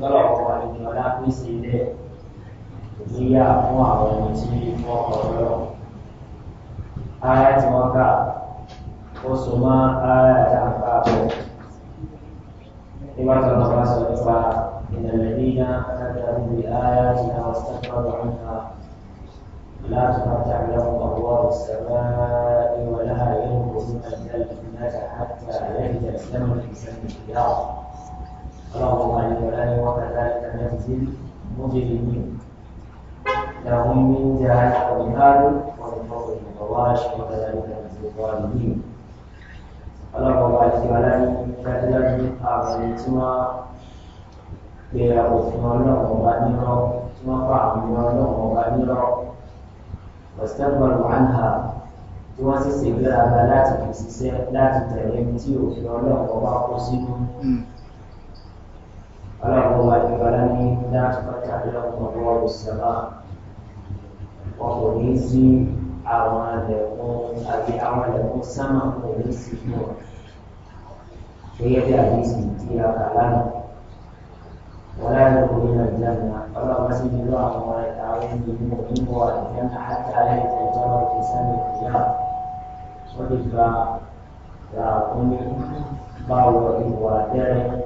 tọ́lọ̀ ọ̀pọ̀ àdìgbò ọ̀dá pín sí ilé níyà fún àwọn ohun tí wọ́n kọ̀ lọ́rọ̀. Ara tí wọ́n kà ó so mọ́ ara ìjà ń bá bọ̀. Nígbà tó lọ́wọ́ sọ nípa ìlẹ̀lẹ̀ níyà látàrí ibi ara tí wọ́n sọ́kọ̀ lọ́nà láti máa tà lọ́wọ́ ọ̀wọ́ ìsẹ̀mẹ́ ìwọ̀lá ìlú kò sí ẹ̀jẹ̀ ìfúnnẹ́ta àti àlẹ́ ìjẹ̀ sẹ́mu ìsẹ̀mù ìyá ọ̀hún. اللهم عليك ولا وكذلك نجزي المجرمين لهم من جهة ومهاد ومن فوق الفواحش وكذلك نجزي الظالمين اللهم عليك ولا كذلك أعزيتما ìyàwó fún ọlọ́run ọba nírọ́ tí wọ́n fa àwọn ọlọ́run ọba nírọ́ ọ̀sẹ̀gbọ̀n àǹhà tí wọ́n sì ṣègbéraga láti fi ṣiṣẹ́ láti tẹ̀lé tí òfin ọlọ́run ọba kó sínú. اللهم فلني لا تتعلم الروح السماء وهو نسي أعوانهم أبي أعوانهم سمع ونسي نور هي حديث كتير كلام ولا يدخلون الجنة فلا مسجد الله ولا يتعاون بالمؤمن الجنة حتى لا يتجرى في سن القيامة وجب يا أمي باوعي وادعي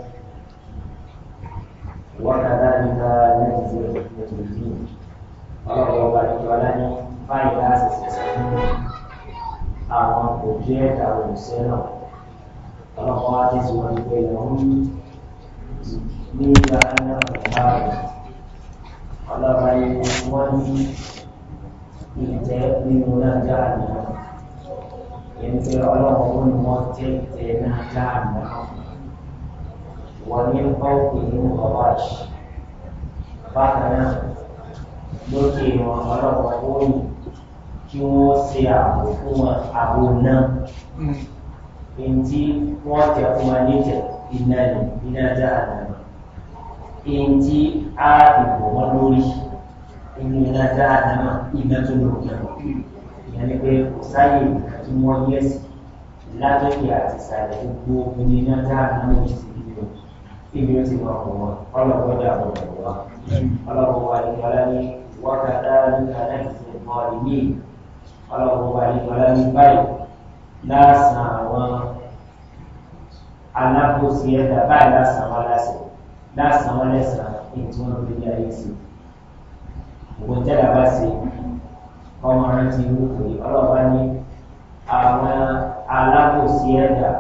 وكذلك نجزي المجرمين ọlọ́run ọba ìjọba ní báyìí láti ṣẹ̀ṣẹ̀ àwọn kò jẹ́ àwọn òṣìṣẹ́ náà ọlọ́run wá ti sọ wọn pé ìyàwó ní ìgbà náà báyìí ọlọ́ba yìí wọ́n ní ìtẹ́ nínú náà jáàmù náà èyí pé ọlọ́run ó ní wọ́n jẹ́ ìtẹ́ náà jáàmù náà. ومن فوقهم غواش بكنا lókè wọn ọlọ́pàá ó ní kí wọ́n ṣe àbò fún wọn àbò náà èyí hmm. tí wọ́n tẹ fún wọn níjẹ̀ iná ní iná dáadáa èyí tí a dìbò wọn lórí inú iná dáadáa iná tó lò kẹrọ ìyẹn ni pé kò sáyè ìgbà tí wọ́n yẹ̀ sí látọ̀kì àti ìsàlẹ̀ gbogbo iná dáadáa sí ابنة مرحومة قال ودعوا الله قال الله الكلام وكذلك نجزي الظالمين قال الله الكلام بل لا سنوا alákòóso ẹ̀dá báyìí lásán wá lásán lásán wá lẹ́sàn èyí tí wọ́n fi ní ayé sí òkò tẹ́lá bá ṣe ọmọ rántí wúkọ̀ yìí ọlọ́ọ̀bá ní àwọn alákòóso ẹ̀dá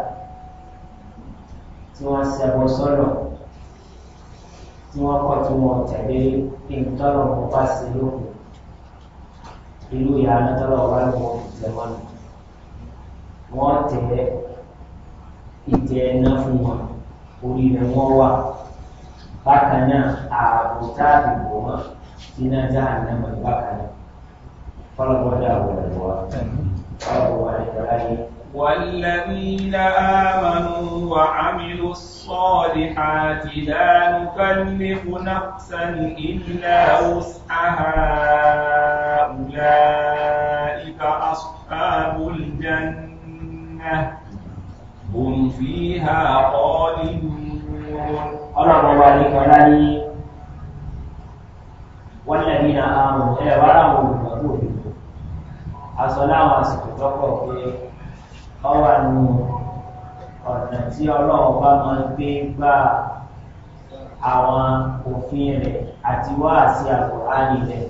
tí wọ́n ṣẹbọ sọ́nà tí wọ́n kọ́ tí wọ́n tẹ̀lé ìtọ́nà wọn bá sí lókun ìlú ìyá anátọ́lọ́ wa lọ́wọ́ ìtẹ̀wọ́n wọ́n tẹ̀ ìtẹ̀ ẹ̀ná fún wọn orí rẹ̀ wọ́n wà bákan náà ààbò táàbì bò wọ́n iná dáhà náà mọ̀ bákan náà fọlọ́bọ́dà wọ̀lẹ̀ wọ́n fọlọ́bọ́ wà ní ìtọ́lá yìí. والذين آمنوا وعملوا الصالحات لا نكلف نفسا إلا وسعها أولئك أصحاب الجنة هم فيها خالدون أمر ذلك ولاني والذين آمنوا إلى وعملوا الصلاة وسكتوا ọwà nù ọ̀nà tí ọlọ́run bá máa gbé gbá àwọn òfin rẹ̀ àti wáàsí àkùránì rẹ̀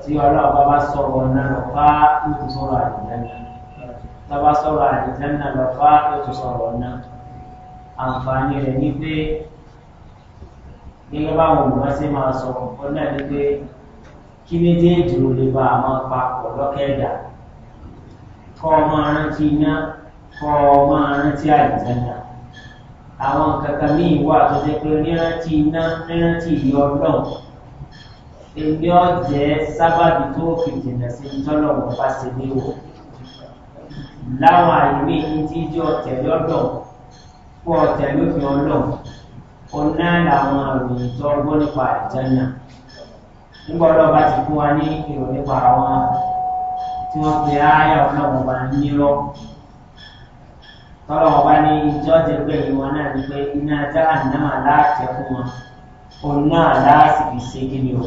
tí ọlọ́run bá bá sọ̀rọ̀ náà lọ bá ìtúsọ̀rọ̀ àdìjánná tó bá sọ̀rọ̀ àdìjánná lọ bá ìtúsọ̀rọ̀ náà àǹfààní rẹ̀ ní pé gẹ́gẹ́ báwọn olùmọ̀ọ́sẹ́ máa sọ̀rọ̀ ọ̀nà ní pé kí méjèèjì ò lè bá àwọn papọ̀ lọ́kẹ́dàá kọ́ ọmọ arántí iná kọ́ ọmọ arántí àìjẹ́nà àwọn kankan míì wà tó jẹ́ pé rírántí iná rírántí ìyọ́ ọlọ́run ilé ọ̀jẹ́ sábàbí tó fi jìnà sí tọ́lọ̀ wọn bá ṣe ní o láwọn àìní yìí tí jẹ́ ọ̀tẹ̀ lọ́dọ̀ fún ọ̀tẹ̀ lófin ọlọ́run ó náà làwọn àròyìn tó ń gbọ́ nípa àìjẹ́nà nígbà ọlọ́ba ti fún wa ní ìròyìn nípa àwọn tí wọ́n pe ááyà ọlọ́run ọba nírọ́ tọ́lọ́ ọba ní ìjọ jẹ́ pé ìwọ̀n náà ní pé iná jáà náà láàtẹ̀ fún wọn òun náà láàsì fi ṣe kí ni o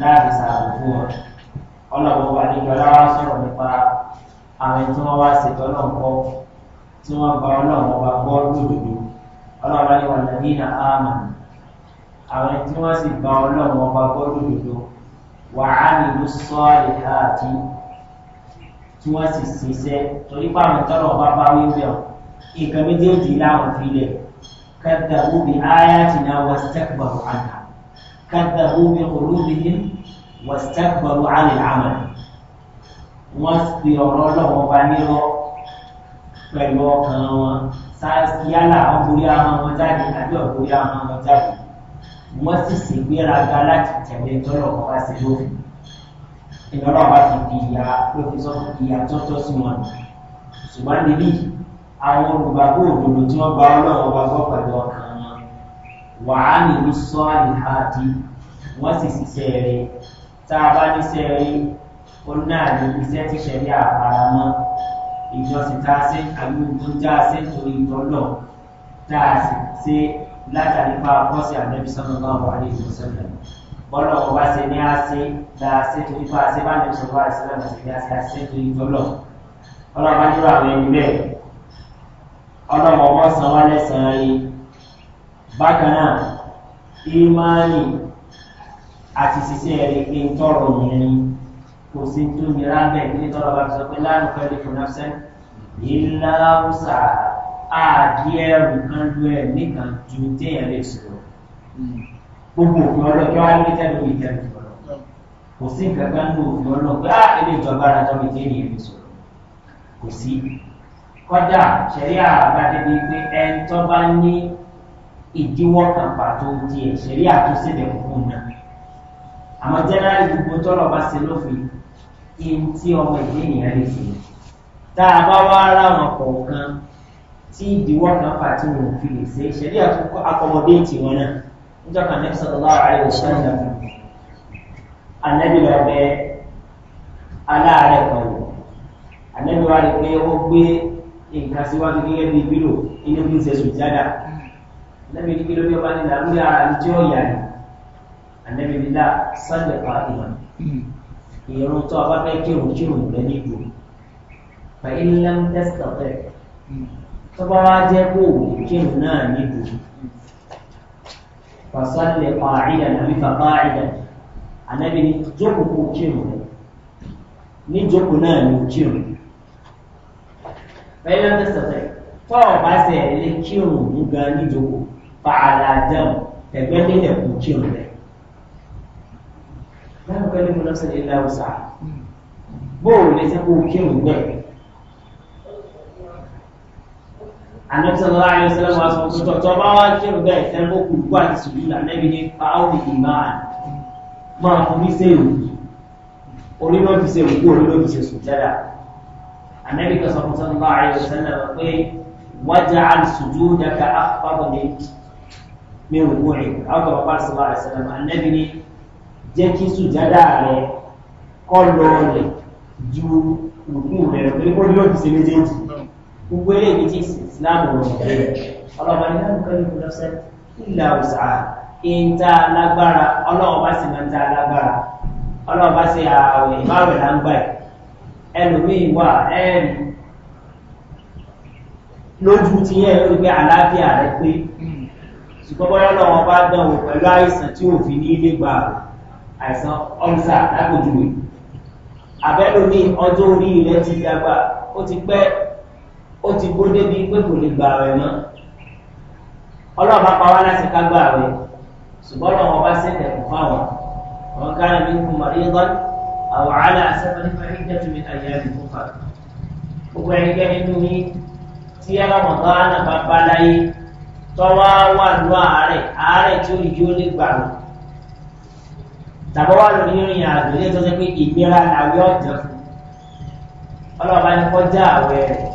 láàbì sàbò fún wọn ọlọ́run ọba ní ìjọba wá sọ̀rọ̀ nípa àwọn tí wọ́n wá ṣètò ọlọ́run kọ́ tí wọ́n gba ọlọ́run ọba gbọ́ lódodo ọlọ́run láyé wọn lẹ́yìn náà áàmà àwọn tí wọ́n sì gba ọlọ́run ọba gbọ́ lódodo wàhálì ló sọ́ọ̀lì káàkiri tí wọ́n sì ṣiṣẹ́ torí pàmò tọ́lọ̀ ọba bá wí bẹ́ẹ̀ nǹkan méjèèjì láwọn fi lẹ̀ kẹ́tà bóbi áyá ti náà wọ́n sẹ́kbàrù àná kẹ́tà bóbi olóbìnrin wọ́n sẹ́kbàrù àlè àmà wọ́n fi ọ̀rọ̀ lọ́wọ́ bá nírọ́ pẹ̀lú ọkàn wọn yálà àwọn borí àwọn wọn jáde àbí ọ̀borí àwọn wọn jáde wọ́n sì ṣègbéraga láti tẹ̀lé tọ́lọ̀ ọba sí lófin ìyẹn náà bá ti fi ìyá ló fi sọ ìyá tọ́tọ́ sí wọn ṣùgbọ́n níbí àwọn olùgbàgbọ́ òdodo tí wọ́n gba ọlọ́run ọba gbọ́ pẹ̀lú ọkàn wọn wàá nìlú sọ àdìhàdì wọ́n sì ṣiṣẹ́ rẹ̀ tá a bá níṣẹ́ rẹ̀ ó náà ní iṣẹ́ tí ṣẹ̀rí àparamọ́ ìjọsìn tá a ṣe àbí tó já a ṣe torí ìtọ́lọ̀ tá a ṣe látàrí pa akọ́sí àdẹ́bísọ́nà bá wà ní ìjọsìn náà bọ́lọ̀ ọba ṣe ní àṣẹ láàṣẹ torí tó àṣẹ bá ní ìṣòro àṣẹ lọ́nà sí ní àṣẹ àṣẹ torí tọ́lọ̀ ọlọ́ba nílò àwọn ẹni bẹ́ẹ̀ ọlọ́mọ ọmọ san wá lẹ́sàn-án rí bákan náà ìmáàlì àti ṣiṣẹ́ rẹ̀ pé ń tọrọ yẹn ni kò sí tó nira bẹ́ẹ̀ ní tọ́lọ̀ bá sọ pé láàrín fẹ́ẹ́ kò ìlà ọ̀sà àdìẹ kan lu ẹ̀ nìkan ju téèyàn lè sọ̀rọ̀ gbogbo òfin ọlọ́jọ́ ayélujára ní ìtẹ́lẹ̀ ìfọ̀rọ̀ kò sí nǹkan kan ní òfin ọlọ́gbà ilé ìjọba ara jọmọ tí ènìyàn fi sọ̀rọ̀ kò sí. kọ́dà ṣẹ̀rí àbádébí pé ẹni tó bá ní ìdíwọ́ kan pàtó tiẹ̀ ṣẹ̀rí àtúnṣe lẹ́kọ̀ọ́ fún náà. àmọ́ jẹ́nẹ́rì gbogbo tọ́lọ̀ bá ṣe lófin kí n tí ọmọ ìdí ènìyàn lè fi. tá a bá wá ara kọ̀ọ̀kan tí ìdíwọ́ kan pàtó òfin lè ṣe ṣẹ̀rí àtúnkọ́ akọmọdé wọn náà níjọ́ kan ní sallallahu alaihi wasallam ànábì lọ bẹ aláàárẹ̀ kan wò ànábì wa rí pé ó gbé nǹkan síwájú gẹ́gẹ́ bí bílò inú bí ń ṣe sùn jáda ànábì ní kílódé ọba ní làlúyà àti ọ̀yà ni ànábì nílá sálẹ̀ pàtìmọ̀ ìrún tó ọba fẹ́ kírun kírun rẹ̀ ní ìlú fàyín lẹ́m tẹ́sítọ̀ fẹ́ tọ́ba wa jẹ́ kó òwò kírun náà ní ìlú fasalli qa'idan àbí faqa'idan ànábì ní jókòó kó kírun ní jókòó náà ní kírun bẹ́ẹ̀ lọ́dẹ sọ̀tẹ̀ tọ́ ọ bá ṣe ẹ̀lẹ́ kírun ní gan ní jókòó fààlà dáhùn ẹgbẹ́ nílẹ̀ kó kírun rẹ̀ láwọn kẹ́lẹ́ mú lọ́sẹ̀ ilé haúsá bóòlù lẹ́sẹ̀ kó kírun bẹ́ẹ̀ anẹ́bísọ̀lá àyẹ̀sẹ̀lẹ̀ wà sọ pé tọ̀tọ̀ bá wá kírun bẹ́ẹ̀ tẹ́ bó kù kú àti sùúrù ànẹ́bí ní pàáwì ìmáà máa fún mi ṣe òun onímọ̀ fi ṣe òun kú onímọ̀ fi ṣe sùjádà ànẹ́bí kan sọ fún sọ́nà àyẹ̀sẹ̀lẹ̀ wà pé wájà àlùsùjú dàkà àfọwọ́ ní mi ò wúrẹ̀ àwọn bàbá bá ìsìláàmù rẹ̀ ọlọ́ọ̀bá ní láti kọ́lé ìlú lọ́sẹ̀ ìlà òsà ìta lágbára ọlọ́ọ̀bá sì máa ń ta lágbára ọlọ́ọ̀bá sì ààwẹ̀ ah, ìbáwẹ̀ là ń gbà ẹ̀ ẹlòmíì wà ẹ̀rì lójú ti yẹn lórí pé àlàáfíà rẹ pé ṣùgbọ́n bọ́lá lọ́wọ́ bá dánwò pẹ̀lú àìsàn tí òfin ní ilé gbà àìsàn ọ̀mùsà lápòjúwe àbẹ́lòmíì ọjọ́ orí rẹ ti dàgbà ó ti pẹ́ ó ti gbó débi pé kò lè gbà rẹ̀ mọ́ ọlọ́run bá pa wá láti ká gbà rẹ̀ ṣùgbọ́n ọlọ́run ọba ṣẹ̀dẹ̀ kù fáwọn wọn kára ní kú mọ̀lẹ́gbọ́n àwọn àlà àṣẹ́fẹ́lẹ́ fẹ́ jẹ́ tumi ayé rẹ̀ kú fà gbogbo ẹnikẹ́ni nínú yín tí ẹlọ́mọ̀ tó hánà bá bá láyé tọ́wọ́ wà lú àárẹ̀ àárẹ̀ tí ó lè lè gbà rẹ̀ tàbí wà lórí ìrìn àjò ilé tó ṣe pé ìgbéra làwé ọ̀jọ̀ fún ọlọ́ọ̀bá ní kọjá àwẹ̀ rẹ̀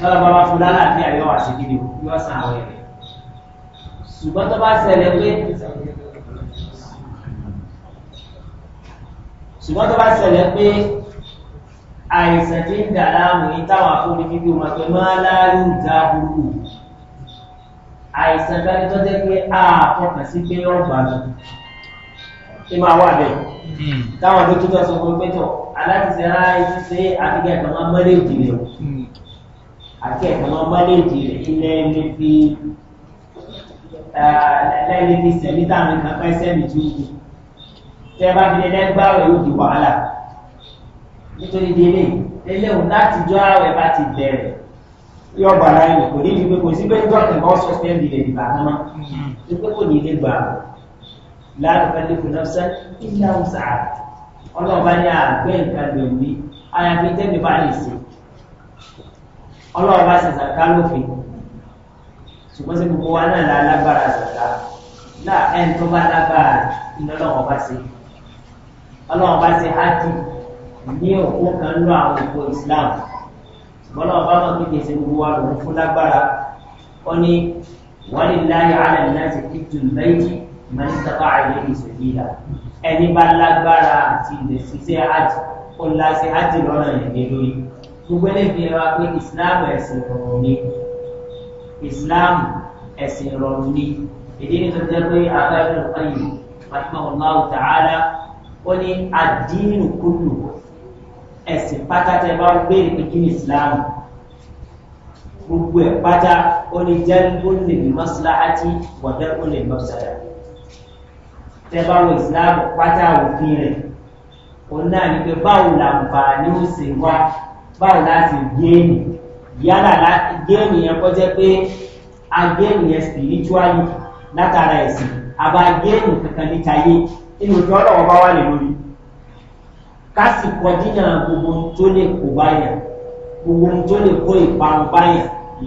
tọ́lá bá wá fún lálàáfíà yóò wá sí kíni yóò san àwọn èrè ṣùgbọ́n tó bá ṣẹlẹ̀ pé ṣùgbọ́n tó bá ṣẹlẹ̀ pé àìsàn tí ń dà láàmú yìí táwọn afúnni fífi wọn pé máa láàrú ìjà burúkú àìsàn kárí tó jẹ́ pé a fọkàn sí pé ó gbà lọ ṣé máa wà bẹ́ẹ̀ táwọn dókítà sọ fún pé tọ̀ aláti ṣe ara ẹni ṣe àfikẹ́ ìtàn máa mọ́lé ìdílé o àti ẹ̀kan lọ bá léèdì rẹ̀ ilẹ̀ ní fi lẹ́yìn fi sẹ̀mí táwọn kan fẹ́ sẹ́mi tó yìí tẹ́ bá fi lẹ́lẹ́ gbá rẹ̀ yóò di wàhálà nítorí délé eléhùn láti jọ ààrẹ bá ti bẹ̀rẹ̀ yóò gbà láyé rẹ̀ kò ní ju pé kò sí pé ń dọ́kẹ̀ kọ́ sọ́spẹ́ndì rẹ̀ dìbà kan mọ́ tó pé kò ní ilé gbà rẹ̀ láàrín pẹ̀lú sẹ́ ilé àwọn ọlọ́ọ̀bá ní àgbẹ̀ gbẹ̀mí àyàfi bá lè sèé ọlọ́run bá ṣàṣàká lófin ṣùgbọ́n sí gbogbo wa náà lálágbára ṣàṣà náà ẹni tó bá lágbára iná lọ́wọ́ bá ṣe ọlọ́run bá ṣe ájì ní òkú kan lọ àwọn òkú islam ṣùgbọ́n lọ́wọ́ bá wọn kéde ṣe gbogbo wa lòun fún lágbára ó ní wọ́n lè láyé alẹ́ láti kíjù méjì máa ń sábà àìlè ìṣèlérà ẹni bá lágbára àti ìdẹ̀síṣẹ́ ájì ó láṣẹ ájì lọ́nà ìdè gbogbo ẹni fi hàn pé islam ẹ̀sìn rọrùn ni islam ẹ̀sìn rọrùn ni èdè ní tuntun jẹ́ pé abáyé ló kàn yìí rahimahullahu ta'ala ó ní àdínù kúlù ẹ̀sìn pátátá ẹ bá ń béèrè pé kí ni islam gbogbo ẹ̀ pátá ó ní jẹ́ńdó lè ní mọ́sálásí wọ̀dẹ́ ó lè mọ́sálá tẹ bá wọ islam pátá òfin rẹ̀ òun náà ní pé báwo làǹfààní ó sì wá báyìí láti géèmì yálà géèmì yẹn kọ́ jẹ́ pé a géèmì yẹn spiritually látara ẹ̀sìn àbá géèmì kankan ní tayé inú tí ọlọ́wọ́ bá wà lè lórí ká sì kọjínà gbogbo tó lè kó báyà gbogbo tó lè kó ìparun báyà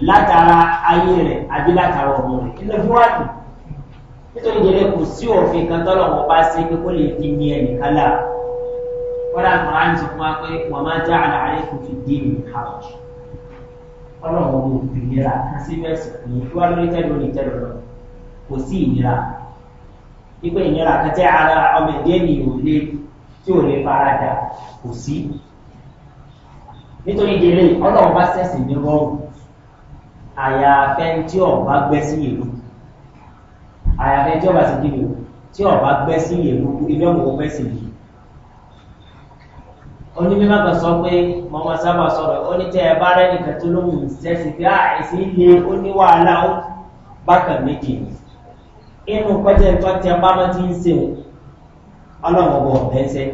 látara ayé rẹ̀ àbí látara ọmọ rẹ̀ kí ló fi wá dùn nítorí ìjẹ́lẹ̀ kò sí òfin kan tọ́lọ́wọ́ bá ṣe pé kó lè fi ní ẹnìkan láà wọ́n àgbà á ń sọ fún wa pé wọ́n máa já àlà àlẹ́ kò fi dé ní harrods ọlọ́run ò fi nira kan sí mẹ́sì fún yín wọ́n lórí tẹ́lẹ̀ lórí tẹ́lẹ̀ kò sí ìnira ipe ìnira kan ara ọmọ ẹ̀dẹ́ ni ò lé tí ò lè fara dà kò sí nítorí délé ọlọ́run bá sẹ̀sìn ní rọrùn àyàfẹ́ tí ọba gbẹ́ sí ìlú àyàfẹ́ tí ọba sì kí tí ọba gbẹ́ sí ìlú ìfẹ́ mọ̀ gbẹ́ sí ìlú onímọ̀ sọ pé mọ̀mọ́ sábà sọ̀rọ̀ ó ní tẹ́ ẹ bá rẹ́nìkan tó lóhùn ìṣẹ́sì bí àìsí ilé ó ní wàhálà ó bákan méjì inú pẹ́tẹ́ tó tẹ bá mọ́ ti ń ṣe ọlọ́run ọ̀bọ̀ ọ̀bẹ́sẹ̀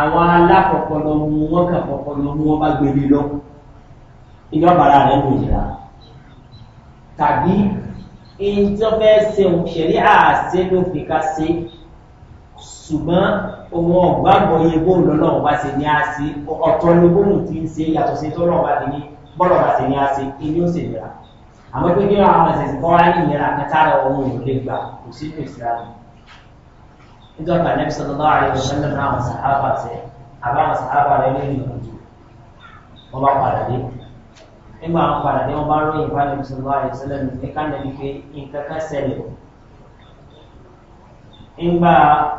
àwọn alákọ̀ọ́kọ́lọ́ mú wọn kà kọ́kọ́lọ́ mú wọn bá gbélé lọ ìjọba ara rẹ̀ ló yìí tàbí ìjọba ẹsẹ̀ òṣèré àṣẹ ló fi ká ṣe é ṣùgbọ́n ohun ọ̀gbàgbọ́ iye bóun lọ́nà ọba ṣe ní àṣì ọ̀tọ̀ ni bóun ti ń ṣe yàtọ̀ sí tọ́lọ̀ ọba ti ní bọ́lọ̀ ọba ṣe ní àṣì ilé ó sì nira àmọ́ pé kí wọ́n àwọn ẹ̀sìn kan wá ní ìnira kẹta rẹ̀ ohun èlò lè gbà kò sí ní ìsiramu nítorí pé àlẹ́ sọ̀rọ̀ lọ́wọ́ àyẹ̀wò sẹ́lẹ̀ náà àwọn sàhábà ṣe àbáwọn sàhábà rẹ̀ lé nìkan jù bá padà dé nígbà wọn padà dé wọ́n bá ròyìn ńgbà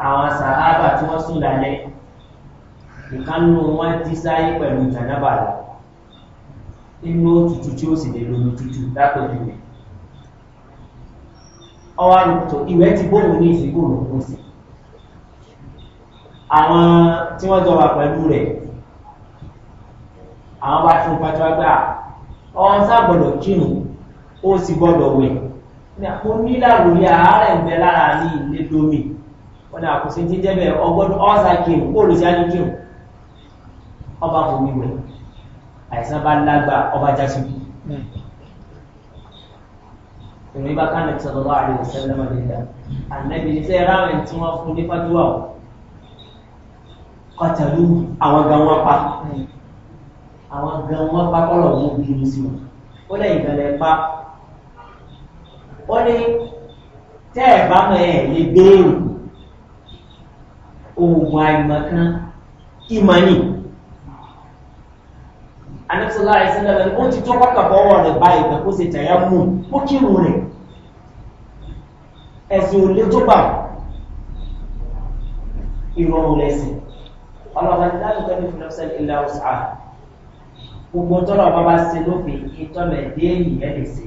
àwọn sàhábà tí wọ́n sùn lálẹ́ ìkánú wọn ti sáyé pẹ̀lú ìjànàbà lọ inú òtútù tí ó sì lè lómi tútù lápẹ̀lú rẹ̀ ọwọ́ àrùtò ìwẹ́ ti bóòmù ní ìsìnkú rẹ̀ kún sí àwọn tí wọ́n jọ wà pẹ̀lú rẹ̀ àwọn bá tún pàtó agbá ọ̀hún sábọ̀dọ̀ kírun ó sì gbọ́dọ̀ wẹ̀ mo nílàrúyà àárẹ̀ ń bẹ lára ní ilé lómi ní àkùsí ti jẹ́ bẹ́ẹ̀ ọgbọ́dún ọ́sà kírun bóòlù sí ájú kírun ọba kò wíwẹ̀ àìsàn bá lágbà ọba jásùkú ìròyìn bá kánà tí ọlọ́wọ́ àríwá sẹ́lẹ̀ máa lè dá ànábì ní sẹ́yìn ráwẹ̀ tí wọ́n fún ní fàdúrà ọ̀ kọtàlú àwọn gan wọn pa àwọn gan wọn pa kọ́lọ̀ wọn bínú sí wọn ó lẹ́yìn gan lẹ pa ó ní tẹ́ ẹ̀ bá mọ̀ ẹ̀ lè gbé oògùn àìmọ̀kan ìmọ̀nì anẹ́sọ́lá ìsẹ́lẹ̀ rẹ̀ ó ti tó pákàbọ́wọ́ rẹ̀ báyìí pẹ̀ kó se tẹ̀yà mú ó kírun rẹ̀ ẹ̀sìn ò lé tó bà ìrọ̀rùn lẹ́sìn ọlọ́ba ní láti tẹ́lẹ̀ fún ọ́sẹ̀ ilẹ̀ ọ̀sà gbogbo tọ́lọ̀ ọba bá se lófin ìtọ́lẹ̀ dé ìyẹn lè se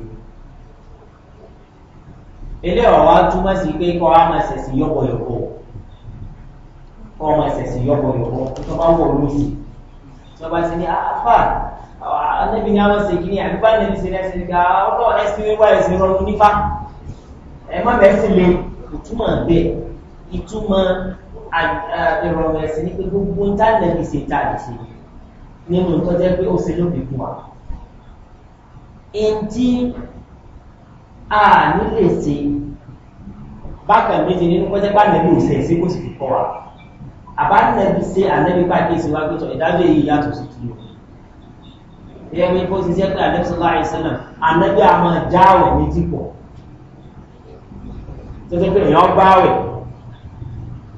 ilé ọ̀wá túmọ̀ sí pé kọ́ á máa sẹ̀sìn yọ̀bọ̀yọ̀bọ̀ ọmọ ẹ̀sẹ̀sìn yọ̀bọ̀yọ̀bọ̀ tó bá wọ̀ lóṣù tó bá ti ní ah, apá anábì ní àwọn ṣe kìíní àbí báyìí ní ṣẹlẹ̀ ṣe ga ọlọ́ ẹ̀sìn wíwá ẹ̀sìn rọrùn nípa ẹ̀ má bẹ́ẹ̀ sì le ìtumọ̀ bẹ́ẹ̀ ìtumọ̀ ìrọ̀rùn ẹ̀sìn ní pé gbogbo tánàbì ṣe ta àṣe nínú tó jẹ́ pé ó ṣe lóbi fún wa. Ìdí a nílè ṣe bákan méjì nínú kọjá bá nàbí òṣèṣe kó sì fi kọ́ wa àbánẹ́bí ṣe ànẹ́bí pàkíyèsí wá gbẹ́tọ̀ ìdájọ́ èyí yàtọ̀ sí kí o ìyẹn mi kó ti jẹ́ pé ànẹ́bí sọlá àìsílẹ̀ ànẹ́bí àmọ́ jáwẹ̀ méjì pọ̀ tó jẹ́ pé èèyàn báwẹ̀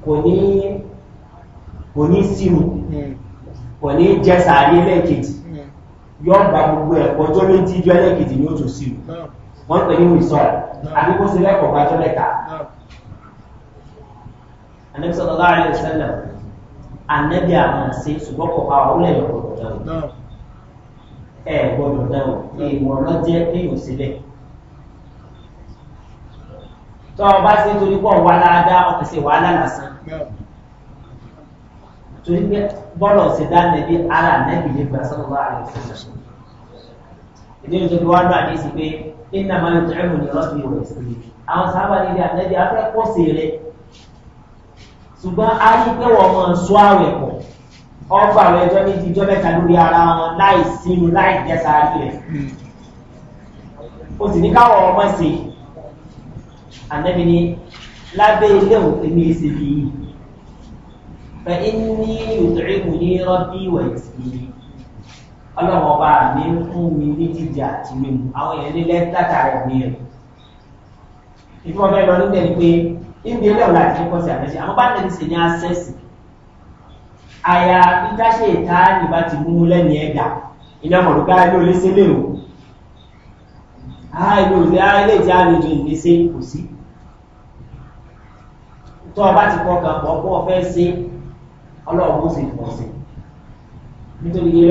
kò ní kò ní sírù kò ní jẹ́ sàárè lẹ́ẹ̀kejì yóò gba gbogbo ẹ̀kọ́ ọjọ́ méjì jọ lẹ́ẹ̀kejì ni ó tún sírù wọ́n pè ní wìsọ̀rọ̀ àbí kó ṣe lẹ́kọ̀ọ́ gbájọ́ lẹ́ka ànẹ́bí sọlá àìsílẹ̀ anabi àwọn ṣe ṣùgbọ́n kọ̀ pa ọ̀hún lẹ́yìn ọ̀gbọ̀dọ̀ dáwọ̀ ẹ̀ gbọ́dọ̀ dáwọ̀ èèwọ̀ lọ́jẹ́ kéèyàn síbẹ̀ tọ́ ọ bá ṣe torí pọ̀ wá dáadáa ọkọ̀ sí wàhálà lásán torí pé bọ́lọ̀ ṣe dá nẹbi ara nẹbi lè gbà sọ́nà wà àlọ́ ìṣẹ̀lẹ̀ ìdí ìṣẹ̀lẹ̀ tó wá náà ní sí pé iná máa ń tẹ̀wọ̀n ní ọ̀sìn ìwọ̀ ìṣẹ̀lẹ̀ àwọn sábà nílé àtẹ́jẹ́ afẹ́kọ̀ọ́sì rẹ̀ ṣùgbọ́n a rí pé wọ́n mọ̀ sọ àwẹ̀ pọ̀ ọgbà rẹ̀ ẹjọ́ méjì ìjọ mẹ́ta lórí ara wọn láì sínú láì jẹ́sà rẹ̀ o sì ní káwọn ọmọ ṣe ànẹ́mi ni lábẹ́ ilé òkè ní èsì bí i fẹ́ ní ìdúrígùn ní rọ́bì wẹ̀tì ọlọ́wọ́ bá mi ń fún mi ní jíjẹ àti mímu àwọn èèyàn ní lẹ́tà tààrà mi rẹ̀ ìfowópamọ́ nígbà ni pé. níbi ilé ọ̀la àti ẹ̀kọ́ sí àmẹ́sí àwọn bá ń lẹ́nu sí ní ịba àyà ìdáṣe ìta nígbà tí mú lẹ́nu ẹ̀dà ilé ole òdùká ilé olé sílẹ̀ o ilé olé ilé ìdí àlejò ìgbésẹ̀ kò kwụsị. tó ọba ti kọ́ kan pọ̀ pọ̀ fẹ́ sí ọlọ́ọ̀bù si sì pọ̀ nítorí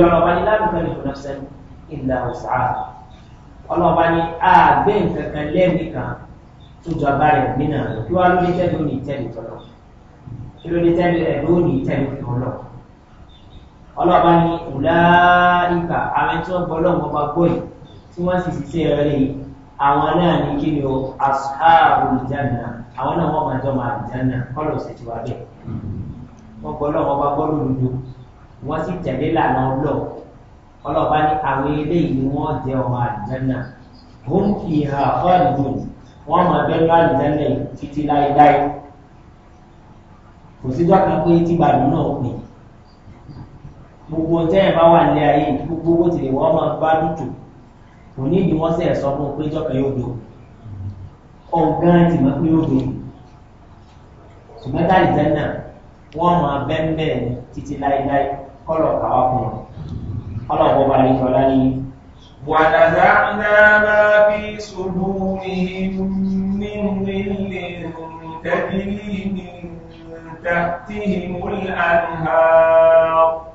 tó ju agbára ẹ̀mí náà lọ kí wàá lóde tẹ́lẹ̀ òní tẹ́lẹ̀ tọ́lọ̀ kí lóde tẹ́lẹ̀ ẹ̀rọ òní tẹ́lẹ̀ tọ́lọ̀ ọlọ́ba ní ìlàríkà àwọn tí wọ́n gbọ́ lọ́wọ́ bá gbọ́ yìí tí wọ́n sì ṣiṣẹ́ rẹ̀ àwọn náà ní kí ni o asáàbò ìjànà àwọn náà wọ́n máa jọ máa ìjànà kọ́lọ̀ ṣe ti wá bẹ́ẹ̀ wọ́n gbọ́ lọ́wọ́ bá gbọ́ lòdòdó wọ́n sì tẹ̀lé lànà ọlọ́ ọlọ́ba ní àwọn eléyìí ni wọ́n jẹ́ ọmọ àìjànà ó ń fi hàn fọ́ọ̀lù wọ́n máa bẹ́ẹ̀ bá àlùjẹ́lẹ̀ títí láéláé kò síjọ́ kan pé tí gbàdúrà náà pè gbogbo tẹ́yìn bá wà nílé ayé gbogbo owó tìlẹ̀ wọ́n máa bá dùtù kò ní ìdí wọ́n sẹ̀ sọ fún pé jọ́ka yóò do ọ̀gán ti mọ̀ pé yóò do ṣùgbọ́n táyì tẹ́nà wọ́n máa bẹ́ẹ̀ bẹ́ẹ̀ títí láéláé kọ́lọ̀ kàwá fún wọn kọ́lọ̀ bọ́ balẹ̀ kọ́lá ní. ونزعنا ما في صدورهم من ظل تجري من تحتهم الأنهار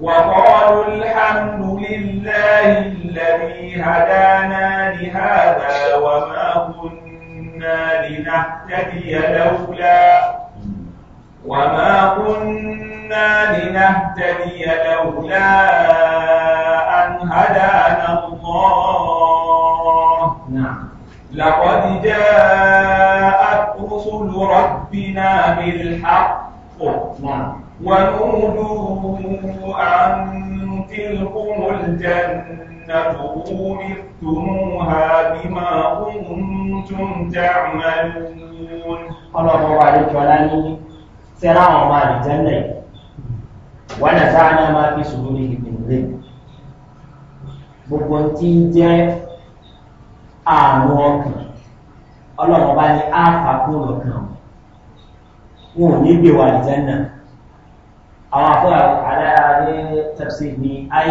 وقالوا الحمد لله الذي هدانا لهذا وما كنا لنهتدي لولا وما كنا لنهتدي لولا هدانا الله نعم لقد جاءت رسل ربنا بالحق نعم ونودوا أن تلكم الجنة أورثتموها بما كنتم تعملون الله بارك ولاني سلام ما الجنة ونزعنا ما في صدورهم من ذنب gbogbo tí ń jẹ́ àrùn ọkàn ọlọ́run bá ní àfàkùn ọkàn wọn ò ní gbé wa àdìjẹ́nà àwọn afọ aláàrẹ tẹ̀sí ní ai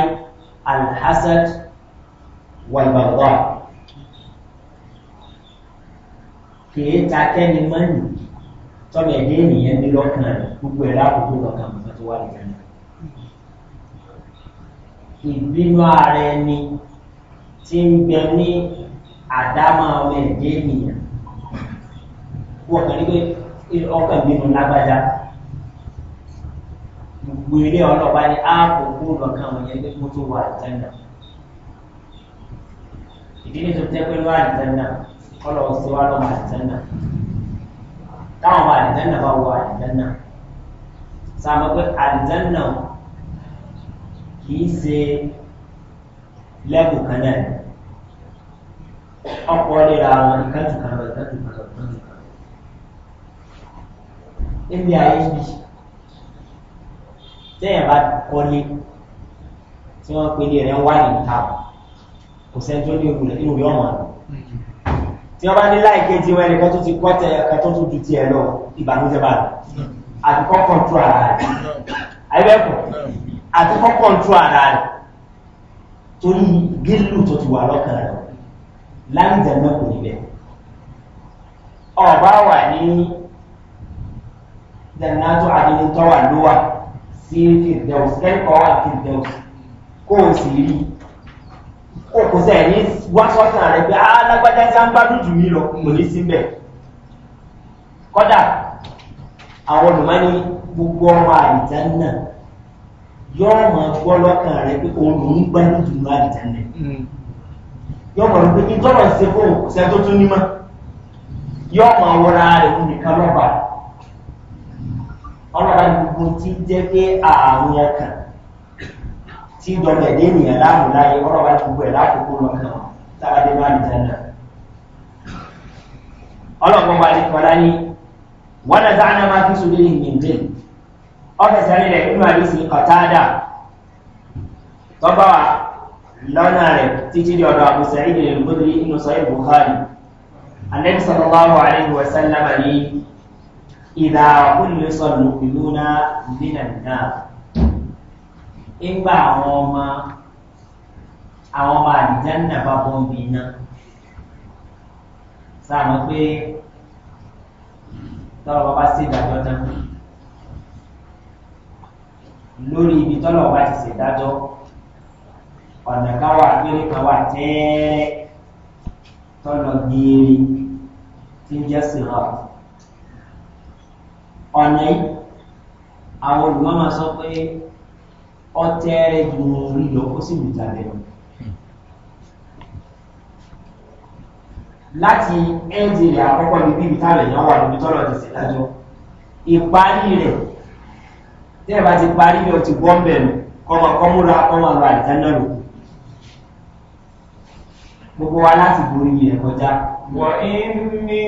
alhassad walbarwa kìí ta kẹ́ni mọ́nì tọ́lẹ̀ dé ènìyàn ní lọ́kàn gbogbo ẹ̀ lákòókò kankan mọ́tò wa àdìjẹ́nà ìbínú ara ẹni tí ń bẹ ní àdámọ́ ọmọ ẹ̀dẹ́ ènìyàn wọ́n kàn ní pé ọkọ̀ ìbínú lágbájá gbogbo ilé ọlọ́ba ní áàpù kúrò kan wọ̀nyẹn pé mo tó wà àjẹ́nà ìdílé tó jẹ́ pé ló kọ́lọ̀ sí wa lọ́mọ àjẹ́nà táwọn ọmọ àjẹ́nà bá wọ àjẹ́nà sáà pé àjẹ́nà kìí ṣe lẹ́bù kan náà ọ̀pọ̀ lera wọn ìkájú kan lọ ìkájú kan lọ ìkájú kan lọ. níbi ayé bí téèyàn bá kọ́lé tí wọ́n pe ilé rẹ̀ wá ní ìta kò sẹ́ni tó ní òkúlẹ̀ inú rẹ̀ ọ̀mọ̀ tí wọ́n bá ní láìpẹ́ tí wọ́n ẹni kan tó ti kọ́ tẹ ẹ̀ka tó tún ju tiẹ̀ lọ ìbànújẹ́ bá lọ àti kọ́ kọ́ńtù ara rẹ̀ ayé kù àti kọ́kọ́ ń tú ara rẹ̀ torí gílù tó ti wà lọ́kàn rẹ̀ láńdẹ̀ náà kò ní bẹ́ẹ̀ ọba wà ní dànàtò àdínítọ́ wà lówà sí fìdẹ́wùs kẹ́kọ̀ọ́ wà fìdẹ́wùs kó o sì rí kó kò sẹ́ẹ̀ ní wá sọ́sàn rẹ̀ pé alágbájá ah, sáńgbádùn jù mí lọ kò ní síbẹ̀ kọ́dà àwọn olùmọ́ni gbogbo ọmọ àìjá náà yóò mọ̀ gbọ́ lọ́kàn rẹ̀ pé òun ń gbá ní jùlọ àìtẹ́lẹ̀ hmm. yóò mọ̀ pé ìtọ́rọ̀ ṣe fún òṣẹ́ tó tún nímọ̀ yóò mọ̀ wọra rẹ̀ fún nìkan lọ́ba ọlọ́ba gbogbo ti jẹ́ pé ààrùn ọkàn tí dọ̀bẹ̀ dé ènìyàn láàrùn láyé ọlọ́ba gbogbo ẹ̀ lákòókò lọ́kàn sábàdé má ní tẹ́lẹ̀ ọlọ́gbọ́n wa ní kọ́lá ní wọ́n náà sáà náà máa fi sódé ìgbìndín ọ̀fẹ̀sẹ̀ nílẹ̀ nínú àdísì kọ̀tádà tọ́gbà lọ́nà rẹ̀ títí di ọ̀dọ̀ àbùsẹ̀ ìdílé lùgbòdìrí inú sọ ìbùhárì annabi sallallahu alaihi wa sallama ni ìdá kúlù sọ̀nù ìlú náà nínà náà ńgbà pé tọ́rọ bá bá sí ìdájọ́ náà lórí ibi tọ́lọ̀ ọba ti ṣèdájọ́ ọ̀nà kan wà péré kan wà tẹ́ẹ́rẹ́ tọ́lọ̀ geere tí ń jẹ́ sèrọ̀ ọ̀nà yìí àwọn olùgbọ́n máa sọ pé ọtẹ́rẹ́ ju orí lọ ó sì lù jáde lọ. láti ẹ́ńdì rẹ̀ àkọ́kọ́ ní bíbi táwọn èèyàn wà níbi tọ́lọ̀ ti ṣèdájọ́ ìparí rẹ̀ tí ẹ bá ti parí bí ọ ti gbọ́ mbẹ̀ nù kọ́mọ kọ́múra kọ́mọ lọ àìtẹ́nà lò gbogbo wa láti borí yẹn kọjá. wà á ní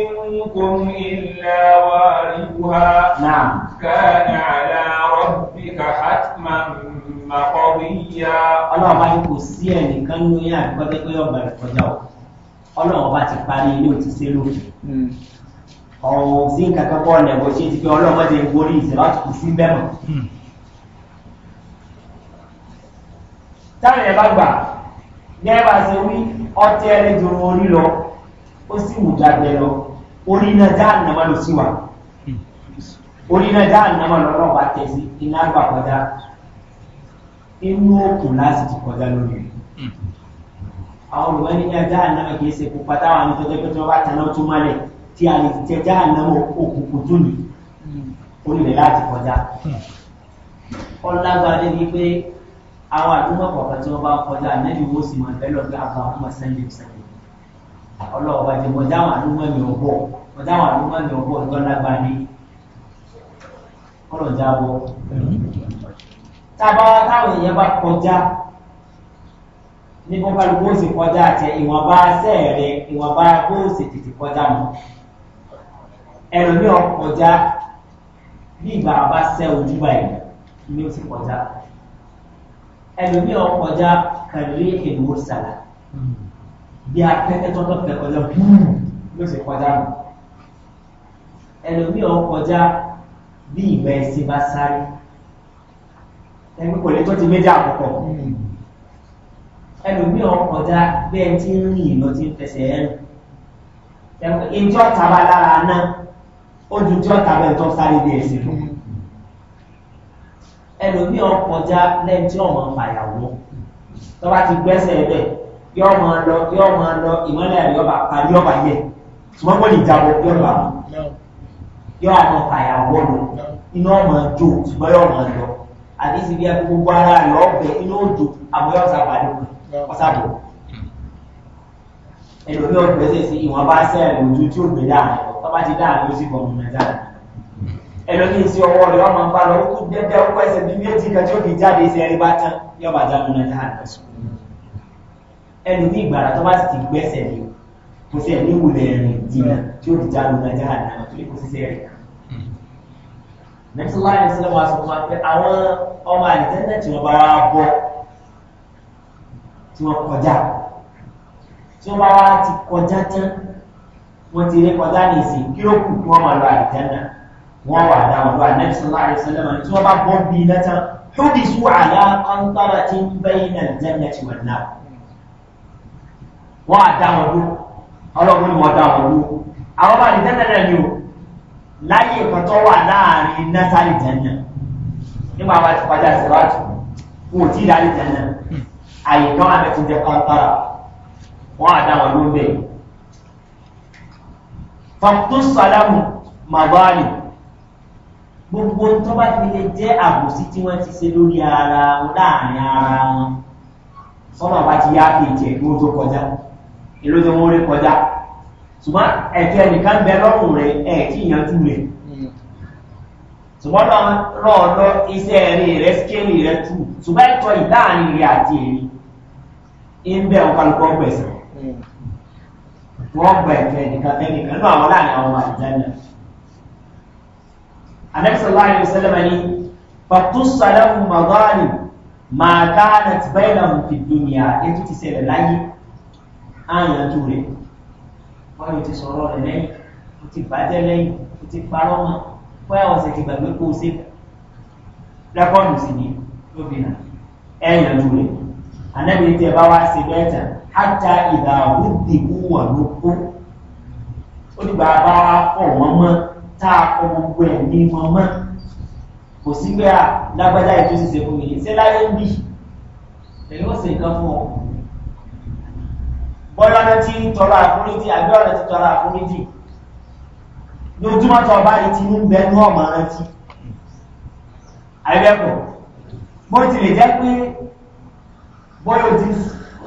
kún ilà wà ríwá náà káàdà àlárọ̀ bí ká hàtìmá màkọ́ríyá. ọlọ́run bá ní kò sí ẹnìkan ní àgbọ́dẹ́gbẹ́ ọ̀gbà rẹ̀ kọjá o ọlọ́run bá ti parí ilé òtísé lókè ọ̀rọ̀ sí nǹkan kan kọ́ ọ̀nà ẹ̀bọ̀ ṣe ti pé ọlọ́run mọ́tẹ́ ìwórí ìṣẹ̀lá kù sí mẹ́mọ̀. Hmm. táwọn ẹ̀ bá gbà ní ẹ̀ bá ṣe wí ọtí ẹni jòrò orí lọ ó sì wù jáde lọ orí náà já ànàmọ́ lọ tí a lè jẹ jáànámọ òkùnkùn tó ní orílẹ̀ láti kọjá ọlágbá dé ní pé àwọn àdúgbò kọ̀ọ̀kan tí wọ́n bá kọjá nẹ́bí wo sì máa bẹ́ẹ̀ lọ́gbẹ́ àbá ọmọ sẹ́yìn sẹ́yìn ọlọ́ọ̀bá jẹ mọ̀já àwọn àdúgbò mi ọ̀bọ̀ mọ̀já àwọn àdúgbò mi ọ̀bọ̀ ní ọlágbá ní kọ́lọ̀ jábọ̀ tábà táwọn èèyàn bá kọjá ní bọ́kálù bó sì kọjá àti ìwọ̀nba sẹ́ẹ̀rẹ̀ ìwọ̀nba bó sì tètè kọjá mọ́ ẹ̀rọ ní ọkọjá bí ìbàràbá sẹ́ ojú báyìí ni ó ti kọjá ẹ̀rọ ní ọkọjá kàrí èdèwò sàlà bí akẹ́kẹ́ tọ́tọ́ fẹ́ kọjá búrú ni ó ti kọjá nù ẹ̀rọ ní ọkọjá bí ìgbà ẹsẹ̀ bá sáré ẹni kò lè tó ti méjì àkọ́kọ́ ẹnu bí ọkọjá tí ń rìn lọ ti ń fẹsẹ̀ ẹnu ẹni tí ọ̀tá bá náà ojú tí ọ̀tà bẹ́ẹ̀ tó sáré bí ẹ̀sìn lọ. ẹlòmíì ọkọjá lẹ́yìn tí ọmọ fàyàwó tó bá ti gbẹ́sẹ̀ bẹ́ẹ̀ yọ ọmọ lọ yọ ọmọ lọ ìmọ̀lẹ̀ yọba parí ọba yẹ ṣùgbọ́n kò lè jábọ̀ yọ ọba yọ ọmọ fàyàwó lọ iná ọmọ jò ṣùgbọ́n yọ ọmọ lọ àbí síbi ẹgbẹ́ gbogbo ara rẹ̀ ọbẹ̀ iná òjò àbúyọ̀ ọ̀sà pàdé ọ̀sà bọ̀. ẹlòmí ọ̀pẹ̀sẹ̀ sí ìwọ̀n bá sẹ́ẹ̀lì ojú tí ó gbé dáàrin lọ tọ́bá ti dáàrin ó sì bọ̀ nínú dáàrin ẹlòmí sí ọwọ́ rẹ̀ ọmọ ń bá lọ kú dẹ́dẹ́ ó pẹ̀sẹ̀ bí méjì kan tí ó fi jáde sí ẹrí bá tán ti gbẹ́sẹ̀ kò sí wulẹ̀ rìn dìnnà tí ó fi sí sẹ́ẹ̀rì tí wọ́n bá wá ti kọjá tán wọ́n ti rí kọjá ní ìsìn kí ó kù kí wọ́n máa lọ àìjẹ́nà wọ́n wà dáhùn lọ àìsílá àìsílá mọ̀ tí wọ́n bá bọ́ bí iná tán lórí sú àlá kọ́ńtàrà tí ń bẹ́yìn náà jẹ́nà ti wà náà wọ́n á dáhùn lọ ọlọ́run ni wọ́n dáhùn lọ àwọn bá ní jẹ́nà ni o láyé ìkọ̀tọ́ wà láàrin iná sáré nígbà wá ti kọjá síwájú wọn tí ì wọ́n àdá wọn ló bẹ̀. fàtún sàlámù màbáàlì gbogbo tó bá fi lè jẹ́ àbòsí tí wọ́n ti ṣe lórí ara wọn láàrin ara wọn sọ́nà bá ti yá fi ìjẹ́ ìlú tó kọjá ìlú tó mórí kọjá ṣùgbọ́n ẹ̀tọ́ ẹnìkan bẹ lọ́rùn rẹ̀ ẹ̀ kí ìyànjú rẹ̀ ṣùgbọ́n lọ lọ iṣẹ́ rí rẹ̀ skéèrè rẹ̀ tù ṣùgbọ́n ẹ̀tọ́ ìdáàrin rẹ̀ àti èyí ń bẹ̀ ọ̀kálùkọ́ pẹ̀sẹ̀ wọ́n gba ẹ̀fẹ́ nìkan tẹ́nìkan nínú àwọn láàrin àwọn àjẹ́nà anẹ́sọ̀lá ayé sẹ́lẹ̀mẹ́ ní pàtúsàlẹ́hùn mazari máa káàdà ti bẹ́ẹ̀nà fi dùnìyà ètò ti sẹ̀rẹ̀ láyé àyànjú rẹ̀ wọ́n yóò ti sọ̀rọ̀ rẹ̀ lẹ́yìn ó ti bàjẹ́ lẹ́yìn ó ti parọ́ mọ́ wọ́n yà ọ̀sẹ̀ ti gbàgbé kó o ṣe rẹ́kọ́ọ̀dù sí ni lóbìnrin ẹ̀yànjú rẹ̀ anabi tẹ bá wá sí bẹ́ẹ̀ tán ata ìdá wíìdìbò wà lóko ó dìgbà bá wá kọ̀ wọ́n mọ́ tá a kọ gbogbo ẹ̀ ní wọn mọ́ kò sí pé à lágbájá ètò ṣiṣẹ́ fún mi ṣé láyé ń bì lẹ́yìn ó sì nǹkan fún ọ. bọ́lá náà ti ń tọrọ àforíjì àbí ọ̀rẹ́ ti tọrọ àforíjì lójúmọ́ tó ọba yìí ti ń bẹnu ọ̀mọ̀ rántí. àbẹ̀kọ̀ bó tilẹ̀ jẹ́ pé bọ́yọ̀ tí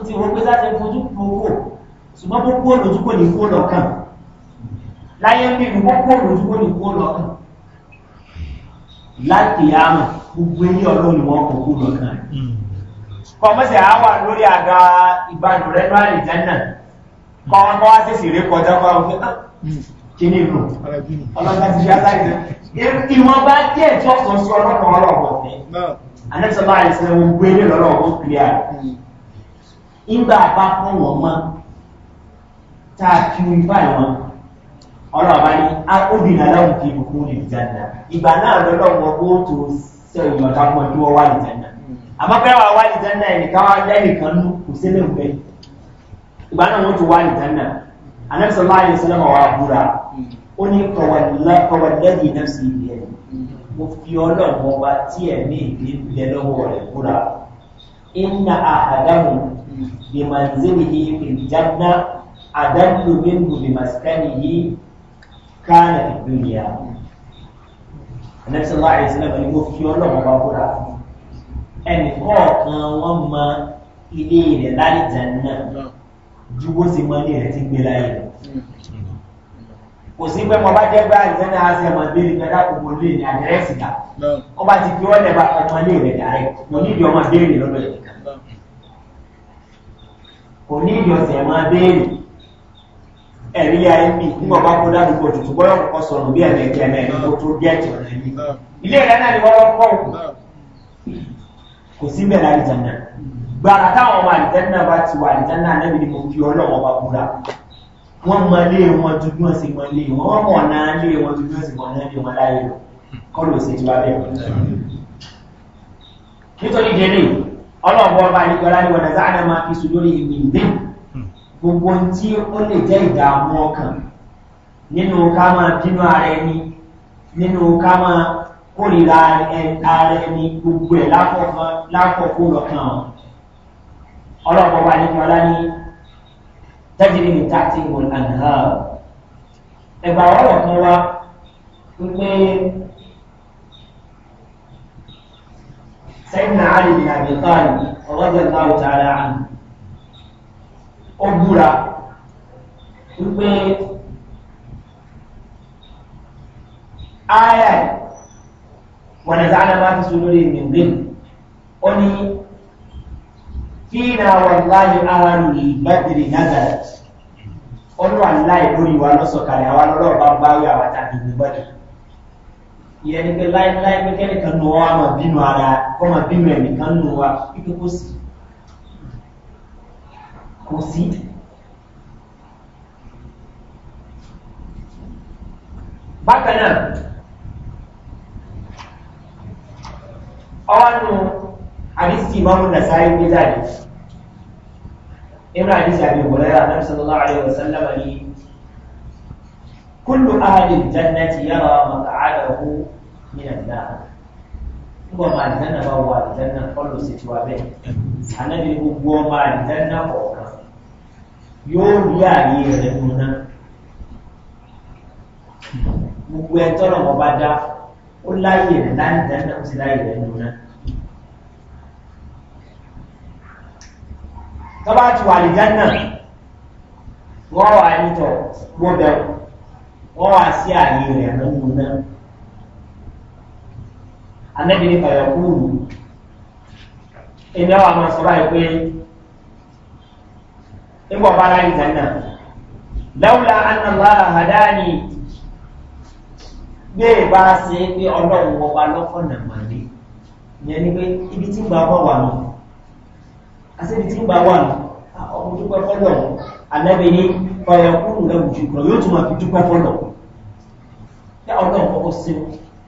ó ti wọ́n pé sáti fojú gbogbo ṣùgbọ́n gbogbo olójúkò ní kó lọ́kàn láyé ń bíbi gbogbo olójúkò ní kó lọ́kàn láti àmà gbogbo ẹni ọlọ́run ni wọ́n kò kó lọ́kàn kọmọ́sẹ̀ á wà lórí àga ìbánirẹ́nu àrìjánà kọ́wọ́n kọ́wọ́ sì sì rí kọjá kọ́ ọ̀hún ah, kíní ìlú ọlọ́gbà ti fi asáyé ìwọ̀nba díẹ̀ tí ọ̀sán sí ọlọ́kàn ọlọ́ọ̀bọ̀ anẹ́sọ̀lá àìsàn ohun gbé ní lọ́rọ̀ ọ̀hún kìlíà ìgbà bá fún wọn mọ́ tá a kí wọn bá wọn ọ̀rọ̀ bá ní obìnrin aláwọ̀ kí ibùkún ní ìjànà ìgbà náà lọ́lọ́ wọn kó tó sẹ ìyọ̀dá wọn tí wọ́n wà ní ìjànà àmọ́ pé wà wà ní ìjànà ẹnìkan wà lẹ́nìkan nú kò sí lè wẹ́ ìgbà náà wọ́n ti wà ní ìjànà anẹ́sọ̀lá àìsàn ọ̀hún àbúrà ó ní kọ̀wọ̀lẹ́dì náà sí ìbí ẹ̀yìn mo fi ọlọ́run ọba tí ẹ̀mí ìdí lẹ lọ́wọ́ rẹ̀ búra inna àdáhùn bimanzili yìí ìjánná àdánù mímu bimasikani yìí kánà ìdúnyà anẹ́sọ̀lá àìsílẹ̀ ni mo fi ọlọ́run ọba búra ẹnì kọ̀ọ̀kan wọ́n mọ ilé rẹ̀ láì jẹ́ náà ju bó ti mọ ilé rẹ̀ ti gbé láyé lọ kò sí pé wọn bá jẹ́ gbá ìjẹ́nà àti ẹ̀mọ̀ bí ní pẹ̀lú àkókò lè ní àdírẹ́sì dà wọ́n bá ti fi wọ́n lẹ́ba ẹ̀mọ̀ lè rẹ̀ dàrẹ́ kò ní ìdí ọmọ béèrè lọ́dọ̀ ẹ̀ nìkan kò ní ìdí ọ̀sẹ̀ ẹ̀mọ̀ béèrè ẹ̀rí imp nígbà bá kó dárúkọ tuntun bọ́lá kọ́kọ́ sọnù bí ẹ̀mẹ̀ ẹ̀mẹ̀ kó tó gẹ́ẹ̀tì ọ̀nà yìí ilé rẹ̀ náà ni wọ́n lọ kọ́ ni mo fi ọlọ́wọ́ wọ́n mọ ilé wọn ju bí wọ́n sì mọ ilé wọn wọ́n mọ̀ náà ilé wọn ju bí wọ́n sì mọ̀ náà ilé wọn láyé lọ kọ́ ló ṣe ti wá bẹ́ẹ̀. nítorí délé ọlọ́ọ̀bọ ọba àyíkọ́lá ni wọ́n dáná máa fi sùn lórí ìmì ìdí gbogbo tí ó lè jẹ́ ìdààmú ọkàn nínú ká máa bínú ara ẹni nínú ká máa kórìíra ara ẹni gbogbo ẹ̀ lákọ̀ọ́kọ́ lọ́kàn ọlọ́ọ̀bọ ọba àyíkọ́lá ni tẹ́jìrì ní tààtì wọn àná. ẹgbà ọ̀rọ̀ kan wá wípé sẹ́yìn náà àlè ní àbíkáàlì ọ̀rọ̀dẹ̀ láwù tààrà àná. ó búra wípé ayà wọn nàzàánà máa fi sùn lórí ó ní. fíìnà wàláyé ara ìgbàdìrì nàgàdà olúwa láì lórí wa lọ́sọ̀kalẹ̀ àwa lọ́rọ̀ bá báwí àwa tàbí ìgbàdì ìyẹn ni pé kan nù wá mà bínú ara kọ́ mà حديث إمام النسائي بذلك إمرأة حديث أبي هريرة النبي صلى الله عليه وسلم لي كل أهل الجنة يرى مقعده من النار وما الجنة فهو الجنة كل ستوى به حنبي وما الجنة فوقه يوم يعني يغنون مقويتنا مبادا قل لا يغنان الجنة وسلا يغنونه tọ́ba ti wà lìjánà wọ́n wà nítọ̀ wọ́n bẹ̀rù wọ́n wà sí ààyè rẹ̀ lọ́nà náà anábì ní kàyọ̀kúrú ẹni àwọn àmọ́ sọ́ba yìí pé nígbà ọba ara lìjánà lọ́wọ́lá anàlá àdáni bẹ́ẹ̀ bá ṣe pé ọlọ́run ọba lọ́fọ̀nà màlẹ́ ìyẹn ni pé ibi tí gbàgbọ́ wà náà àṣẹ́bí tí ń bá wà ọmọ dúpẹ́ fọ́lọ̀ àlẹ́bí ní fọyọkúrù rẹ̀ jù kúrò yóò tún máa fi dúpẹ́ fọ́lọ̀ yá ọlọ́run kọ́kọ́ sí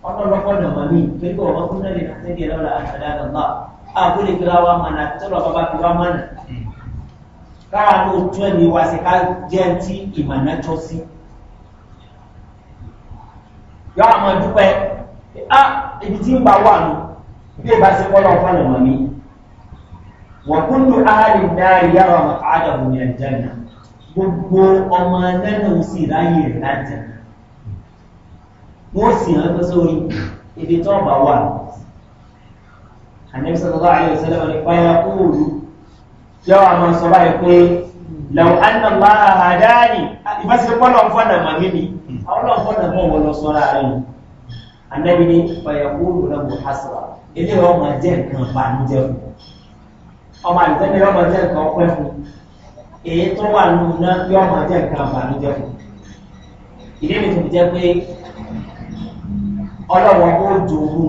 ọlọ́lọ́fọ́lọ̀ màmí pẹ̀lú ọmọ kúnlẹ̀ lè àtẹ́bí ẹlọ́la àtàdánàlá àbúlé kíra wa mọ̀nà tọ́lọ̀ bàbá fi wá mọ̀nà káà ló tún ẹni wá sí ká jẹ́ tí ìmọ̀nà tọ́ sí ah ibi tí ń bá wà nù bí ìbá sí kọ́lọ̀ fọ́lọ̀ màmí wàkúndù ààrin dáàrí yára àádàmù ní àjánà gbogbo ọmọ nánà ó sì ráyè láti wọ́n sì hàn pé sórí ibi tó bá wà àníbi sọ́kọ́ àyè sọ́lọ́wọ́ ní pàyà kúrú yọ́wọ́ àmọ́ sọ báyìí pé làwọn àná bá àdáni ìbáṣepọ̀ lọ́n fọ́nà màmí ni àwọn fọ́nà mọ́ wọn lọ sọ́ra rẹ̀ ànábi ní pàyà kúrú lọ́wọ́ hásùwà ilé wọn máa jẹ́ nǹkan bá ń jẹ́ ọmọ àìsẹ́ni yọ́mọ jẹ́ nǹkan ọpẹ́ fún èyí tó wà nínú náà yọ́mọ jẹ́ nǹkan àbànújẹ́ fún ìdí mi tó jẹ́ pé ọlọ́wọ́ ó dòwú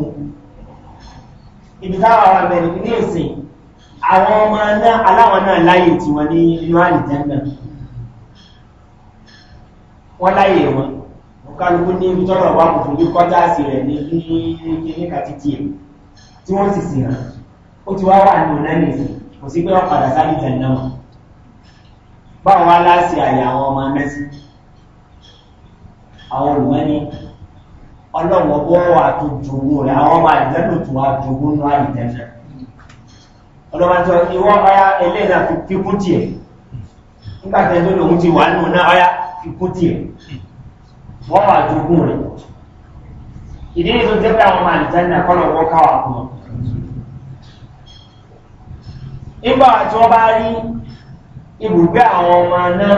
ibi táwọn àwọn abẹ̀rẹ̀ ní ìsìn àwọn ọmọ náà aláwọ̀ náà láyè tí wọ́n ní inú àìjẹ́ náà wọ́n láyè wọn kálukú ní kò sí pé wọ́n padà sáré tẹ̀ náà báwo wá láti àyè àwọn ọmọ mẹ́sì àwọn olùmọ́ni ọlọ́wọ́ bọ́ wà tó jòwó rẹ̀ àwọn ọmọ àìjẹ́lò tó wà jòwó nù àìjẹ́lẹ̀ ọlọ́wọ́ tó ìwọ́ ọya ẹlẹ́nà fikún tiẹ̀ nígbàtẹ́ tó lòun ti wà nù náà ọya fikún tiẹ̀ wọ́n wà jòwó rẹ̀ ìdí ètò jẹ́ àwọn ọmọ àìjẹ́lẹ̀ kọ́lọ̀ wọ́n káwà fún nígbà tí wọ́n bá rí ibùgbé àwọn ọmọ náà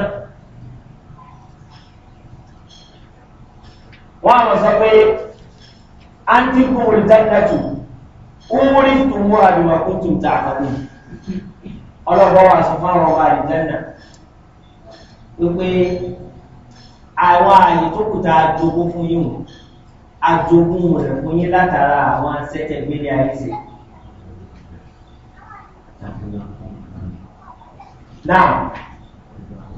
wọ́n àwọn sọ pé antiku olùtẹ́nẹ́tù umuri tumu àdùmọ̀kútù tààkàtù ọlọ́bọ̀ wà sọ fún àwọn ọba àdìjẹ́nà wípé àwọn ààyè tó kùtà àjogún fún yíwọ̀n àjogún rẹ̀ fún yín látara àwọn asẹ́tẹ̀gbélé ayé sí i. Now,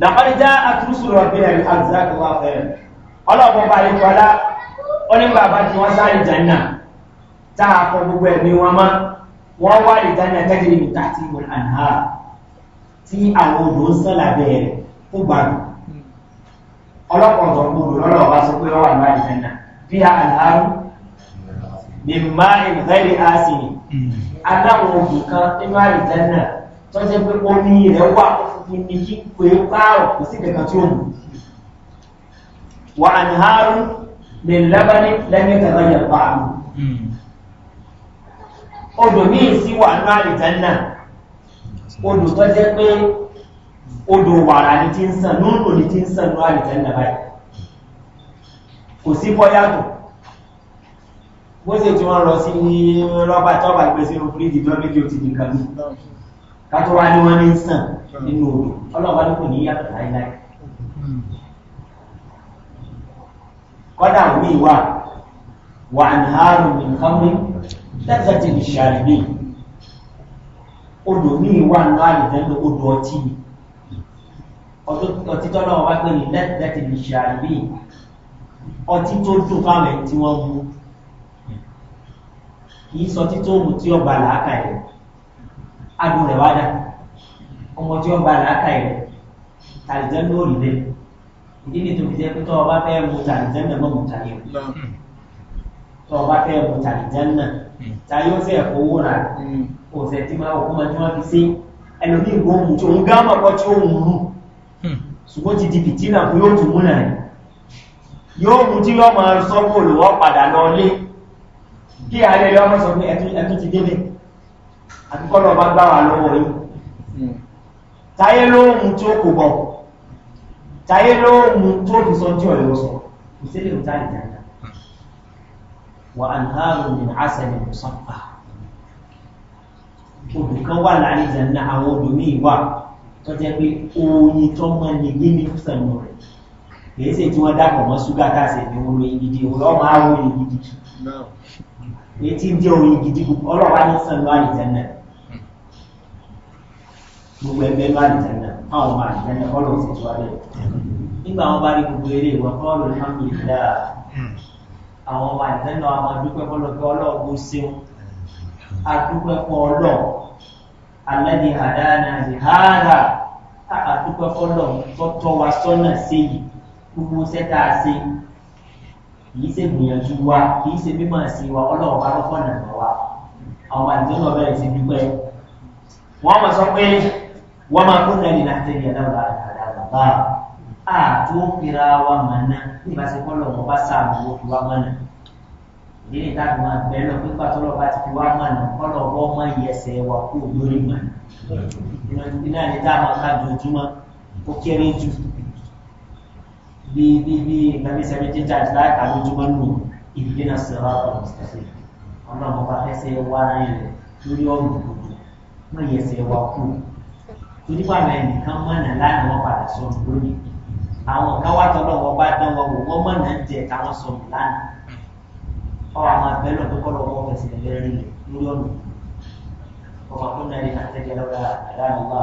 làkọ́lé já àtúnṣùrù ọ̀gbìn ẹ̀rí àdúrà wà fẹ́rẹ̀. Ọlọ́ọ̀bọ̀n bá lè kọ́lá, ó ní bàbá tí wọ́n sáré jàǹnà tá a kọ gbogbo ẹ̀mí wọn mọ́. Wọ́n wá lè jàǹnà tẹ́jìrì ní tàtí wọn àná tí àwọn odò ń aláwọn òbí kan nínú àìjánà tó jẹ́ pé omi rẹ̀ wà fúnfún ní yípo pààrọ̀ kò sí kankan tí ó mú wà ní haru lè lábáni lẹ́yìn kankan yẹn pa àmì odò míì sí wà nínú àìjánà odò tó jẹ́ pé odò wàrà ni ti ń sàn nínú òní ti ń sàn nínú àìjánà báyìí kò sí bọ́yàtọ̀ bó ṣe tí wọ́n rọ sí rọ́bà tọ́bà ìpèsè òfúrídì tó méjì òtì nìkan ní kátó wá ní wọ́n ní sàn nínú odò ọlọ́ọ̀bá ló kò ní yàtọ̀ láíláí kọ́dà omi wà wà àníhàrùn nìkan mi lẹ́sẹ̀ ti lè ṣàlùmí odò ní ìwà náà àlùfẹ́ odò ọtí ni ọtí tọ́lọ́wọ́ bá pè ní lẹ́sẹ̀ ti lè ṣàlùmí ọtí tó dùn fáwọn ẹ̀ tí wọ́n mú kì í sọ títí òmù tí ọba làákà yẹ adùn rẹ̀ wá ọmọ tí ọba làákà yẹ tàlìjẹ́ ló rí bẹ́ẹ̀ ìdí ni tóbi jẹ́ pé tọ́ ọba fẹ́ mu tàlìjẹ́ náà mọ̀ mu tàlìjẹ́ tọ́ ọba fẹ́ mu tàlìjẹ́ náà tàyé ó fẹ́ owó rà kò fẹ́ tí máa wọ́n tí wọ́n fi sí ẹlòmíì gbọ́ mu tí òun gáàmà kọ́ tí òun rú ṣùgbọ́n ti di fìtínà fún yóò tún múnà yóò mu tí yóò máa sọ́wọ́ olùwọ́ padà lọ lé kí ààrẹ ìlú ọmọ sọ pé ẹtún ti délé àkíkọ́lọ̀ bá gbá wà lọ́wọ́ yìí hmm. táyé lóhun tí ó kò bọ̀ táyé lóhun tó fi sọ tí ọ̀yọ́ sọ kò sí lè ta ìdájá wà àǹtàrùn ní àṣẹlẹ̀ mùsànfà obìnkan wà láàrin ìjànà àwọn obìnrin ìwà tí wọ́n dàpọ̀ mọ́ ṣúgà káṣẹ̀ ní olóyin gidi olóòmà àwọn olóyin èyí tí jẹ́ oyin gidi ọlọ́wà ní sàn lọ́wọ́ àìjẹ́nà gbogbo ẹgbẹ́ lọ́wọ́ àìjẹ́nà àwọn ọmọ àìjẹ́nà ọlọ́ sì tó wáyé nígbà wọn bá rí gbogbo eré ìwọ tó ọlọ́ ìfàmì ìdá àwọn ọmọ àìjẹ́nà àwọn adúpẹ́ fọlọ́ pé ọlọ́ọ̀gbọ́ ṣeun adúpẹ́ fún ọlọ́ alẹ́ni àdáyà ní hàrà àdúpẹ́ fọlọ́ tó tọ́ wa sọ́nà séyìí gbogbo sẹ́ta séyìí kìí ṣe gbìyànjú wa kìí ṣe mímọ̀ sí wa ọlọ́wọ́ bá lọ́kọ̀ nàná wa àwọn àdìsọ́nà bẹ̀rẹ̀ sí dúpẹ́ wọ́n mọ̀ sọ pé wọ́n máa kó nàní náà tẹ̀lé ẹ̀dáwà àdàbà àti ó kira wa mọ̀nà nígbà tí kọ́ lọ́wọ́ bá sáàmù ó fi wá mọ̀nà ìdí ni táàbù máa bẹ̀rẹ̀ lọ pé pàtó lọ́wọ́ bá ti fi wá mọ̀nà kọ́ lọ́wọ́ mọ̀ yẹsẹ̀ wa kó lórí mọ̀nà ìnáni táàmù bí bí bí nàbí seventeen times láì kà lójúmọ́ nù ìdílé sọ̀rọ̀ ọ̀rọ̀ ṣẹ̀ṣẹ̀ ọmọ ọba ẹsẹ̀ wa rẹ̀ lórí ọ̀rùn gbogbo wọ́n yẹ ẹsẹ̀ wa kú onígbà mẹ́rin nìkan mọ̀nà láàrin wọn padà sọ̀rọ̀ lónìí àwọn kan wá tọ́lọ̀ wọn bá dán wọn wò wọ́n mọ̀nà ń jẹ táwọn sọ̀rọ̀ lánàá ọ̀rọ̀ àwọn abẹ́lẹ̀ tó kọ́ lọ́wọ́ fẹsẹ̀ lẹ́rìn lórí ọ̀rùn ọmọ tó náà rí àtẹ́jẹ́ lọ́wọ́ àdáàmúwá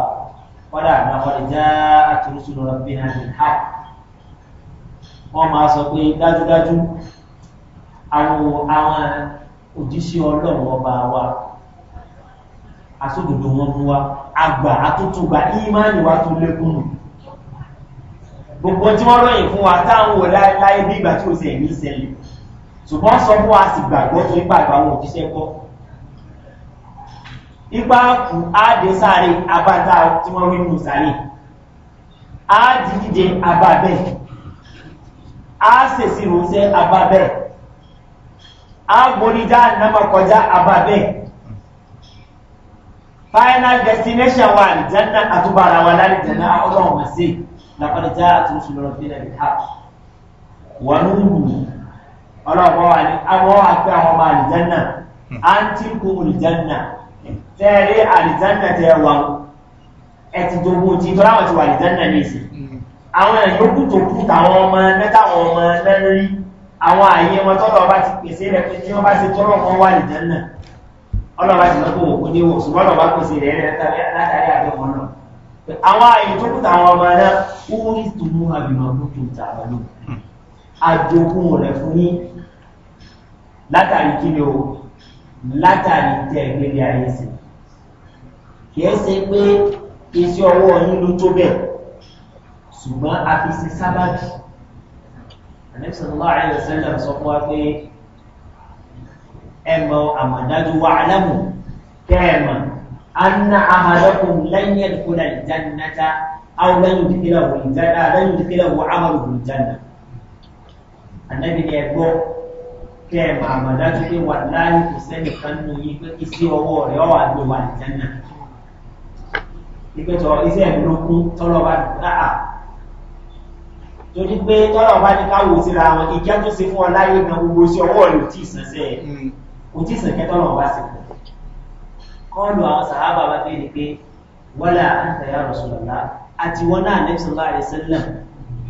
kọ́dà àgbà wọ́n máa sọ pé dájúdájú àwọn àwọn òjíṣẹ́ ọlọ́run ọba wa asódòdó wọn mú wa àgbà àtútùgbà ìmáàlì wa tó lékún nù gbogbo tí wọ́n ròyìn fún wa táwọn wò láéláé bí ìgbà tí ó sì ẹ̀mí ìṣẹ̀lẹ̀ ṣùgbọ́n sọ fún wa sì gbàgbọ́ tó ipa àgbà àwọn òjíṣẹ́ kọ́ ipa kù áàdé sáré abáta tí wọ́n rí nù sáré áàdì dídé abábẹ́ẹ̀ a sèsì rúnṣẹ́ abábẹ́ a gbóníjà nàmà kọjá abábẹ́ final destination wa alìjánná àtúbàrà wa lálìjánná ọlọ́run wá sí làkọ́dọ̀já àtúnṣe lọ́rọ̀ fi rẹ̀ ha wọ́n ń wù ọlọ́run wa ní àwọn àpẹ àwọn ọmọ alìjánná àǹtí kú alìjánná tẹ́ẹ̀rí alìjánná tẹ́ẹ̀ wà ẹ̀ ti dogun ti tọ́lá wọn ti wà alìjánná ní ìsìn àwọn ìyókù tó kù táwọn ọmọ mẹ́tàwọn ọmọ mẹ́rin àwọn ààyè wọn tọ́lọ̀ ọba ti pèsè rẹ̀ pé tí wọ́n bá ṣe tọ́lọ̀ wọn wà nìjẹ́ náà ọlọ́ba ti lọ́kọ̀ òkú ní wọ̀ ṣùgbọ́n ọlọ́ba pèsè rẹ̀ látàrí àbẹ̀wọ̀n náà àwọn ààyè tó kù táwọn ọmọ náà ó rí tòun àbìmọ̀ tó tó tà wọn lò pé iṣẹ́ ọwọ́ yín ló tó bẹ́ẹ̀ ṣùgbọ́n a fi ṣe sábàbí àníṣàlá àìlẹ̀sẹ́lẹ̀ sọ fún wa pé ẹmọ àmàdájú wa alámù kẹ́ẹ̀mà anna àmàdákùn lẹ́yìn ẹ̀kúnlá ìjánnáta àwọn lẹ́yìn ìdíkílà wọ ìjánná lẹ́yìn ìdíkílà wọ amàlù wọ ìjánná ànábi ni ẹgbọ́ kẹ́ẹ̀mà àmàdájú pé wà láàyè kò sẹ́nì kan nù yí pé kí sí ọwọ́ rẹ̀ ọwà ló wà ìjánná ìpẹ́tọ̀ iṣẹ́ ìlú kú tọ́lọ́ bá dáa torí pé tọ́lọ̀ bá ní káwò síra wọn ìjẹ́ tó ṣe fún ọ láyé gan gbogbo sí ọwọ́ rẹ̀ ò tí ì sànṣẹ́ ẹ̀ mm. kò tí ì sànṣẹ́ bá sì kù. kọ́ọ̀lù àwọn sàhábà bá bẹ́ẹ̀ ni pé wọ́lá àǹtẹ̀yà rọ̀ṣọ̀lọ́lá àti wọn náà nẹ́bísọ̀lá rẹ̀ sẹ́lẹ̀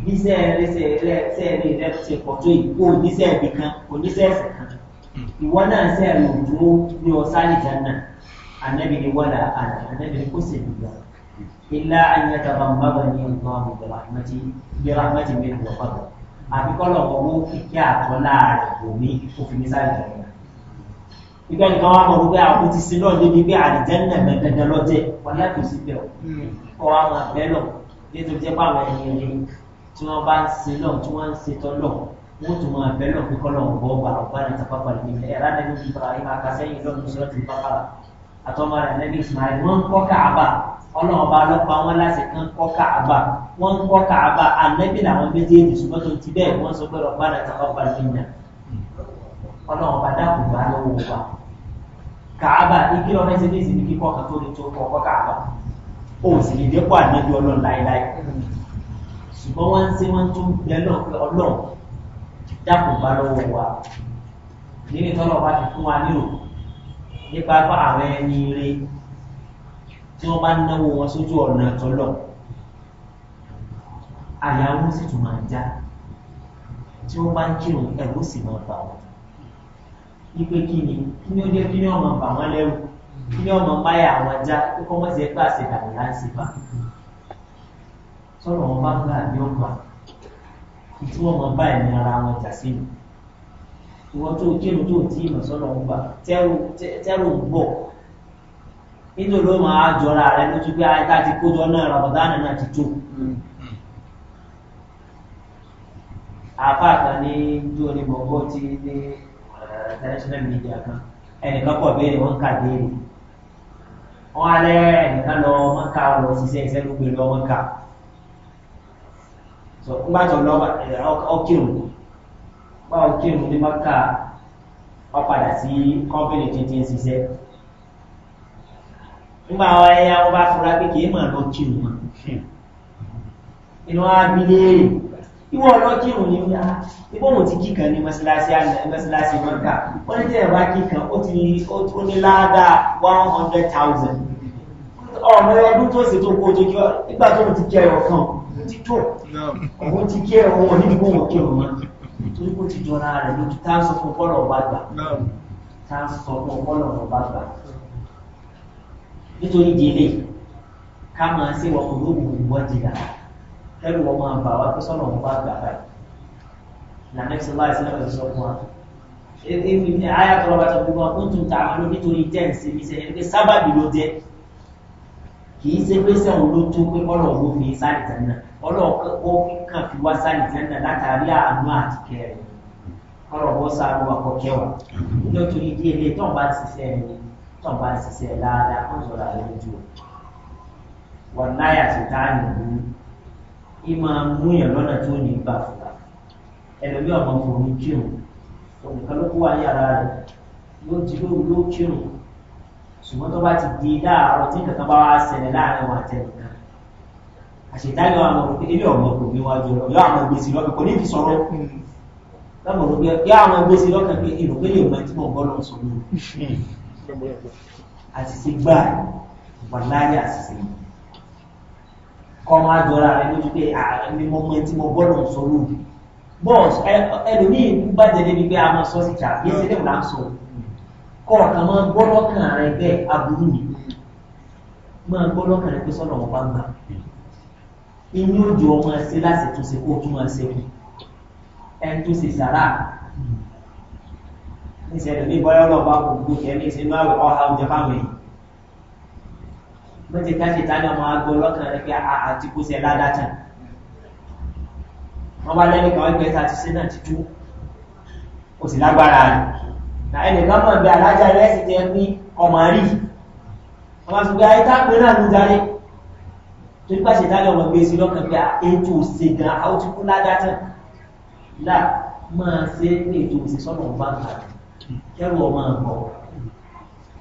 níṣẹ́ ẹ̀rẹ́sẹ̀ rẹ̀ ṣe pọ̀ tó ìkó oníṣẹ́ ẹ̀bì kan oníṣẹ́ ẹ̀sẹ̀ kan mm. ìwọ náà ṣe ẹ̀rù dúró ní ọ̀sán ìjànà ànẹ́bí ilá anyataba mabani ọlọ́run birahmati birahmati mi ló fọdọ àbí kọlọ ọwọ kíkẹ àtọlá rẹ bomi òfin sáré rẹ ìgbà nìkan wà mọ̀ wípé àwọn ti sin náà débi pé àdìjẹ́nà mẹ́tẹ́tẹ́ lọ́jẹ́ ọ̀lá kò sí bẹ̀ hmm. ọ́ wa máa bẹ́ lọ nítorí jẹ́ pàwọn ẹ̀yìn rẹ tí wọ́n bá ń sin náà tí wọ́n ń se tọ́ lọ wọ́n tún máa bẹ́ lọ pé kọ́lọ̀ ọ̀gbọ́ gbà ọ̀gbà ní tapapa ní ilẹ̀ ẹ̀rá nẹ́bí ibrahim akásẹ́yìn lọ́dún sọ́ọ̀tì pápá àtọ́mọ́ rẹ̀ nẹ́bí ismail wọ́n ń kọ́ káàbà ọlọ́run bá lọ́pàá wọn láti kán kọ́ káàbà wọ́n ń kọ́ káàbà ànẹ́bí làwọn méjèèjì ṣùgbọ́n tó ti bẹ́ẹ̀ wọ́n sọ pé ọ̀pá àti ọ̀pá ìyá ọlọ́run bá dákun bá lọ́wọ́ wa káàbà igi lọ́nà ẹsẹ̀ ní ìsìnkí kọ́kàn tó ní tó kọ́kọ́ káàbà ó sì lè dẹ́pọ̀ ànẹ́bí ọlọ́run láéláé ṣùgbọ́n wọ́n ń ṣe wọ́n tún bẹ́ẹ̀ lọ pé ọlọ́run dákun bá lọ́wọ́ wa nínú ìtọ́lọ́ bá tí wọ́n bá náwó wọn sójú ọ̀nà tọ́lọ̀ àyà wọn sì tún máa já tí wọ́n bá ń kírun ẹ̀rú sì máa bà wọ́n ipe kí ni kí ni ó dé kí ni ọmọ bà wọ́n lẹ́rù kí ni ọmọ báyà wọn já kókó wọ́n ti ẹgbẹ́ àṣetàbí láǹṣe bá sọ̀rọ̀ wọn bá gbà ní ọgbà tí wọ́n máa bá ẹ̀mí ara wọn jà sí ni ìwọ́n tó kírun tó tí ì mọ̀ sọ́nà ọgbà tẹ́rù ń bọ̀. nítorí ló máa jọra rẹ lójú pé ayé tá a ti kójọ náà ramadan náà ti tó apá hmm. kan ní jó ní ti eh, ní international media kan ẹnìkan pọ̀ béèrè wọ́n ka béèrè wọ́n á lẹ́ ẹnìkan lọ wọ́n kà lọ ṣiṣẹ́ iṣẹ́ ló gbé lọ wọ́n so lọ ọkìrùn ọkìrùn ní wọ́n padà sí nígbà àwọn ẹyà wọn bá fura pé kì í mọ̀ lọ kírun mọ́ inú wa bí léèrè ìwọ lọ kírun ní wíwá ibò wọn ti kíkan ní mọ́síláṣí mọ́ká wọ́n ní tẹ́lẹ̀ wá kíkan ó ti ní ládàá one hundred thousand ọmọ ọdún tó ṣe tó kó tó kí ọ nígbà tó ti kẹ́ ẹ̀rọ kan ti tó òun ti kẹ́ ẹ̀rọ wọn níbi kó wọn kírun wọn torí kó ti jọra rẹ̀ lójú tá tá a sọ fún bọ́ọ̀lù ọba gbà nítorí délé ká máa ṣe wọn olóògùn ìwọ́n jìlá kẹ́rù wọn máa bà wá pé sọ́nà wọn bá gbà báyìí lànà ìṣẹ̀lá ìṣẹ̀lá ìṣẹ̀lá fún wa ebi ní àyà tó lọ́ba tó gbogbo ọkùnrin tó ń ta àwọn nítorí ten sí mi sẹ́yìn pé sábàbí ló jẹ́ kì í ṣe pé sẹ́wọ̀n ló tó pé ọlọ́ wo mi sáàlì tẹ́nà ọlọ́ ó kàn fi wá sáàlì tẹ́nà látàrí àánú àti kẹrin ọlọ́ bọ́ sáà ló wà kọ́ kẹwàá nítorí díẹ̀ lé tó ń bá ti sẹ́yìn tó bá ń ṣiṣẹ́ dáadáa kó sọ̀rọ̀ àlẹ́ jù wọ́n láyà sí táàmì ní í máa mú yàn lọ́nà tí ó ní gbà fúra ẹlòmí ọmọ fòmí kírun òǹkan ló kó wà ní ara rẹ̀ yóò ti lóru ló kírun ṣùgbọ́n tó bá ti di láàárọ̀ tí nǹkan bá wá ṣẹlẹ̀ láàrin wọn àtẹnìkan àṣetáyọ̀ àwọn ọmọ ilé ọmọ kò ní wájú ọ̀rọ̀ yóò àwọn gbèsè lọ́kàn kò ní fi sọ̀rọ̀ lọ́mọ hmm. òun yóò àwọn gbèsè lọ́kàn pé èrò pé lè mọ tí mo bọ́ àṣìṣe gbà wà láyé àṣìṣe kọ́ máa jọra rẹ lójú pé àmì mọ́mọ́ tí mo gbọ́dọ̀ sọ lóòrù bọ́ọ̀s ẹlòmíì bá jẹ́dẹ́ bí pé a máa sọ síta bí ẹsẹ̀ lẹ́wọ̀n láń sọ kọ́ ọ̀kan máa gbọ́dọ̀ kàn rẹ bẹ́ẹ̀ aburú ni máa gbọ́dọ̀ kàn rẹ pé sọ́nà wọn bá gbà inú òjò ọmọ ẹsẹ̀ láti túnṣe kó tún máa ṣe kù ẹni tó ṣe sàrà níṣẹ́ ní bọ́yọ́ lọ bá kò gbogbo kẹ́ ní ìsinú àwẹ̀ ọ̀há oúnjẹ fáwọn èèyàn bó ti ká ṣètá ní ọmọ agbó lọ́kàn rẹ̀ pé àti kó ṣe ládàtà wọ́n bá lẹ́nu kan ẹgbẹ́ ta ti ṣe náà ti tú kò sì lágbára rẹ̀ na ẹnì kan mọ̀ bí alájà rẹ̀ sì jẹ́ pé ọmọ rí ọmọ sùn pé ayé tá pé náà ló darí tó ń pàṣẹ tá ní ọmọ gbé sí lọ́kàn pé ètò ṣe gan àwọn ti kú ládàtà láà máa ṣe ní kẹ́rù ọmọ àgbọ̀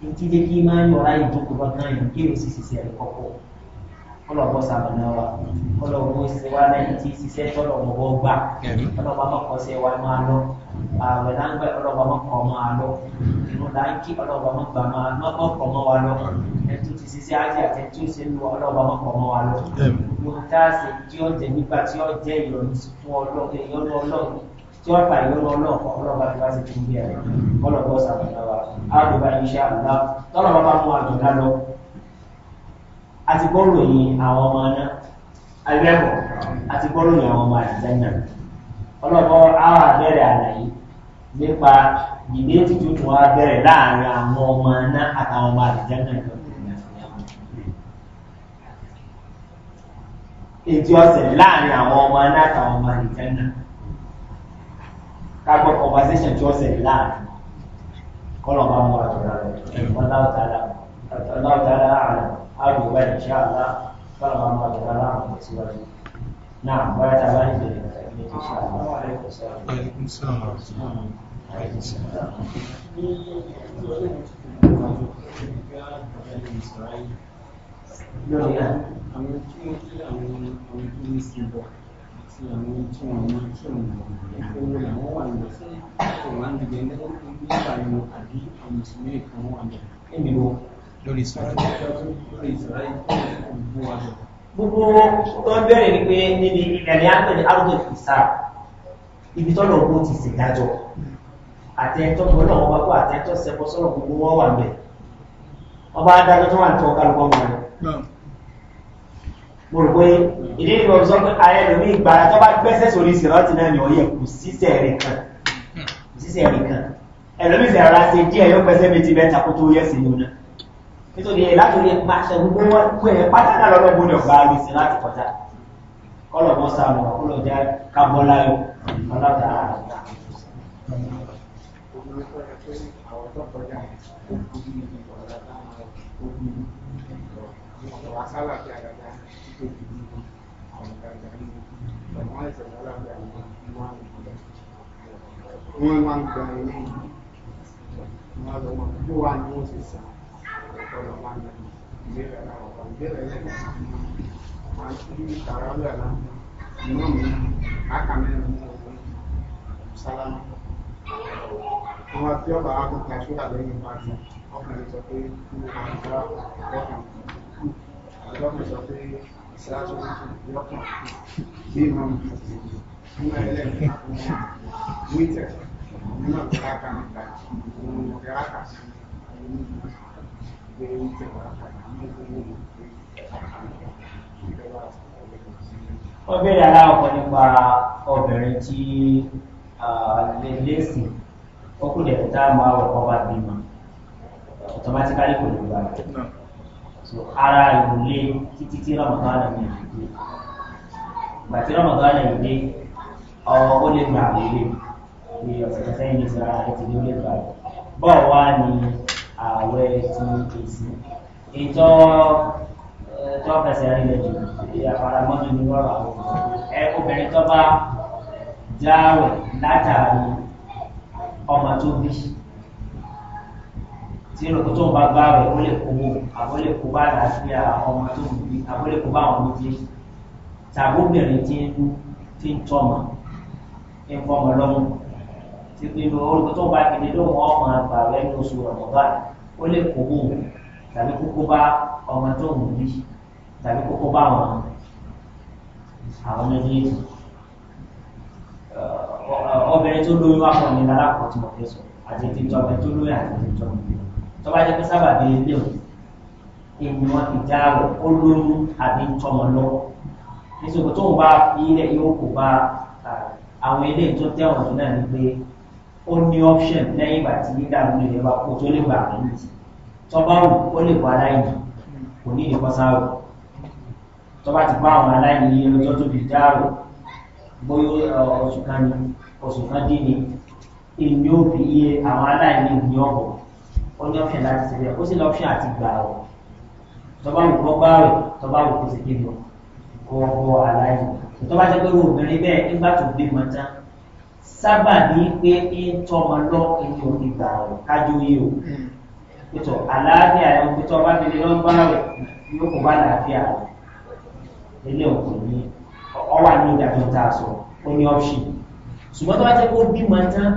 ní jíjẹ́ kí máa ń yọra ìjókòó bá kan yìí kí èèyàn sì ṣiṣẹ́ rẹ̀ kọ́kọ́ kọlọ̀bọ̀ sàmànà wa kọlọ̀bọ̀ ṣe wá lẹ́yìn tí ṣiṣẹ́ kọlọ̀bọ̀ bọ́ gbà kọlọ̀bọ̀ mọ̀kọ́sẹ̀ wa máa lọ ààrẹ láńgbẹ́ ọlọ́wọ́ mọ́kọ̀ máa lọ inú láńkì ọlọ́wọ́ mọ́kọ̀ mọ́ wa lọ ẹtù ti ṣiṣẹ́ ájẹ́ àti tí ó ṣe ń lọ ọlọ́wọ́ mọ́kọ̀ mọ́ wa lọ gbogbo tá a ṣe kí ọjẹ́ nígbà tí ọjẹ́ ìrọ̀lú fún ọlọ́run tí wọ́n pàdé lọ́wọ́ ọlọ́ọ̀kọ́ ọlọ́ọ̀bá ti bá ti kú bí ẹ̀rọ ọlọ́ọ̀bọ́ sàmìlọ́wà àdùbà iṣẹ́ àdùbà tọ́lọ́wọ́ bá mú àdùbà lọ àti gbọ́rò yìí àwọn ọmọ aná alẹ́bọ̀ àti gbọ́rò yìí àwọn ọmọ àdìjẹ́nà ọlọ́ọ̀bọ́ àwọn abẹ́rẹ́ àlàyé nípa ìdíyẹ́tì tuntun abẹ́rẹ́ láàrin àwọn ọmọ aná àtàwọn ọmọ àdìjẹ́nà ètò ọ̀sẹ̀ láàrin àwọn ọmọ aná àtàwọn ọmọ àdìjẹ́nà kápẹ́ conversation tí ó ṣẹlẹ̀ láàrin kọ́lọ̀ máa mú ọ̀rọ̀ rẹ̀ wọ́n láwùtálà láwùtálà àrùn àdùgbà ìṣẹ́ àlá kọ́lọ̀ máa mú ọ̀rọ̀ rẹ̀ láàrin síwájú náà bọ́yá tá a bá ń jẹ ìrìn ìṣẹ́ àlá wà lẹ́kọ̀ọ́ sẹ́wọ̀n. lórí náà. àwọn tí mo kí àwọn ọmọ tó ń sin bọ̀ àti àwọn tí wọn mọ tí wọn mọ owó làwọn wà lọ kò wá ń dìbẹ nígbà yẹn àbí àwọn ìsinmi kan wà lọ gbogbo tó ń bẹ̀rẹ̀ ni pé níbi ilẹ̀ ní arúgbó ìfìsà ibi tó lọ bó ti ṣèdájọ́ àtẹ́tọ́ tó lọ́wọ́ bá kó àtẹ́tọ́ sẹ́kọ́ sọ́rọ̀ gbogbo wọ́n wà bẹ̀ ọba adájọ́ tó wà ní tọ́ka lọ́wọ́ wọn mo rò pé ìdí ni wọ́n sọ pé ayé lómi ìgbàlá tó bá gbẹ́sẹ̀ sórí sìrọ́ọ̀tì náà ni ọ̀yẹ́ kù sísẹ̀ rẹ̀ kan kù sísẹ̀ rẹ̀ kan ẹlòmí sẹ̀ rárá ṣe díẹ̀ yóò gbẹ́sẹ̀ méjì mẹ́ta kó tó yẹ sí inú náà nítorí ẹ̀ látòrí ẹ̀ máa ṣe gbogbo wọn pé ẹ̀ pátá náà lọ́dọ̀ gbọ́dọ̀ bá rí sí láti kọjá kọ́lọ̀ bọ́ sáàmù kọ́lọ̀ jẹ́ kábọ́láyọ̀ ọlọ́dà wọ́n wá ń gba ilé wọn lọ wọn tó wà ní wọ́n ti sà ọ̀pọ̀lọ̀ wà ní ìbéèrè ara ọ̀pọ̀ ìbéèrè lẹ́yìn wọn ti ní ìtara ọ̀lẹ̀ náà ìmọ̀ mi àkàmẹ́rin mú ọ̀gbọ́n sálámù àwọn tí ọba akọta ṣúgà lẹ́yìn pàtó ọkùnrin sọ pé ìwọ̀nba ọkàn ọkùnrin sọ pé ìṣáájú ọkàn bí ìmọ̀ mi nígbà ẹlẹ́yìn àkọ́mọ́ òun náà tó bá kà ní ìgbà òun ló fẹ́ rákà sí òun pé ó ń tẹ̀ wá kà wọ́n bẹ̀rẹ̀ aláwọ̀kọ́ nípa obìnrin tí lẹ́sìn ó kú lẹ́yìn tá a máa wọ̀kọ́ bá bímọ automatically kò lè gbà so ara ìwúlé títí tí rọmọdánà mi yìí dé ìgbà tí rọmọdánà yìí dé ọ ó lè gbà wọlé mi pé ọ̀sẹ̀ tó sẹ́yìn ní sara ẹ̀ ti lé lè gbà bọ́ọ̀ wá ní ààwẹ̀ ti èsì ìtọ́ tó fẹsẹ̀ rí lẹ́jọ́ ìyàfaramọ́jú ní wọ́rọ̀ àwọn ẹ obìnrin tó bá jáwẹ̀ látàrí ọmọ tó bí tí ìròkò tó ń bá gbá rẹ̀ ó lè kówó àbó lè kó bá àlàáfíà ọmọ tó ń bí àbó lè kó bá àwọn méjì tàbí obìnrin tí ń tọ́mọ ń fọmọ lọ́mọ ti fi mu orúkọ tó bá dìde ló wọn ọmọ àgbà rẹ ní oṣù ọmọba ó lè kówó tàbí kókó bá ọmọ tó ń bí tàbí kókó bá wọn àwọn méjèèjì obìnrin tó lóyún wákọ̀ ní alákọ̀ọ́ tí mo fẹ́ sọ àti ti tọ́ ọbẹ̀ tó lóyún àti ti tọ́ ọbẹ̀ tó bá jẹ́ pé sábà bí ilé o ènìyàn ìjà rẹ̀ ó lóyún àbí tọmọ lọ́wọ́ nítorí tó ń bá ilé yóò kó bá àwọn ilé tó tẹ̀wọ̀n náà ní pé ó ní option lẹ́yìn ìgbà tí dídàrú lè wá kó tó lè gbà lẹ́yìn tí tọ́ba wù ó lè wá láyìn kò ní ìdíkọ́sáwò tọ́ba ti bá àwọn aláìní yé lọ́jọ́ tó fi dáàrò bóyá oṣù kan ní oṣù kan dín ní èmi ò fi iye àwọn aláìní ní ọ̀pọ̀ ó ní option láti ṣe bẹ́ẹ̀ ó sì ní option àti gbà ọ̀ tọ́ba wù kó gbà rẹ̀ tọ́ba wù kó ṣe kébì kó kó aláìní tọ́ba jẹ́ pé obìnrin bẹ́ẹ̀ nígbà tó gbé mọ́ tán sábà ní pé ń tọmọ lọ́kùnrin òní gbà ọ̀ kájú yìí o pẹ̀tọ̀ àlàáfíà rẹ̀ pẹ̀tọ̀ bá fi lè lọ́ bá rẹ̀ yóò kó bá làáfíà rẹ̀ ilé òkú ní ọwà ní ìdájọ́ tá a sọ ó ní ọ́ṣì ṣùgbọ́n tó bá jẹ́ kó bímọ tán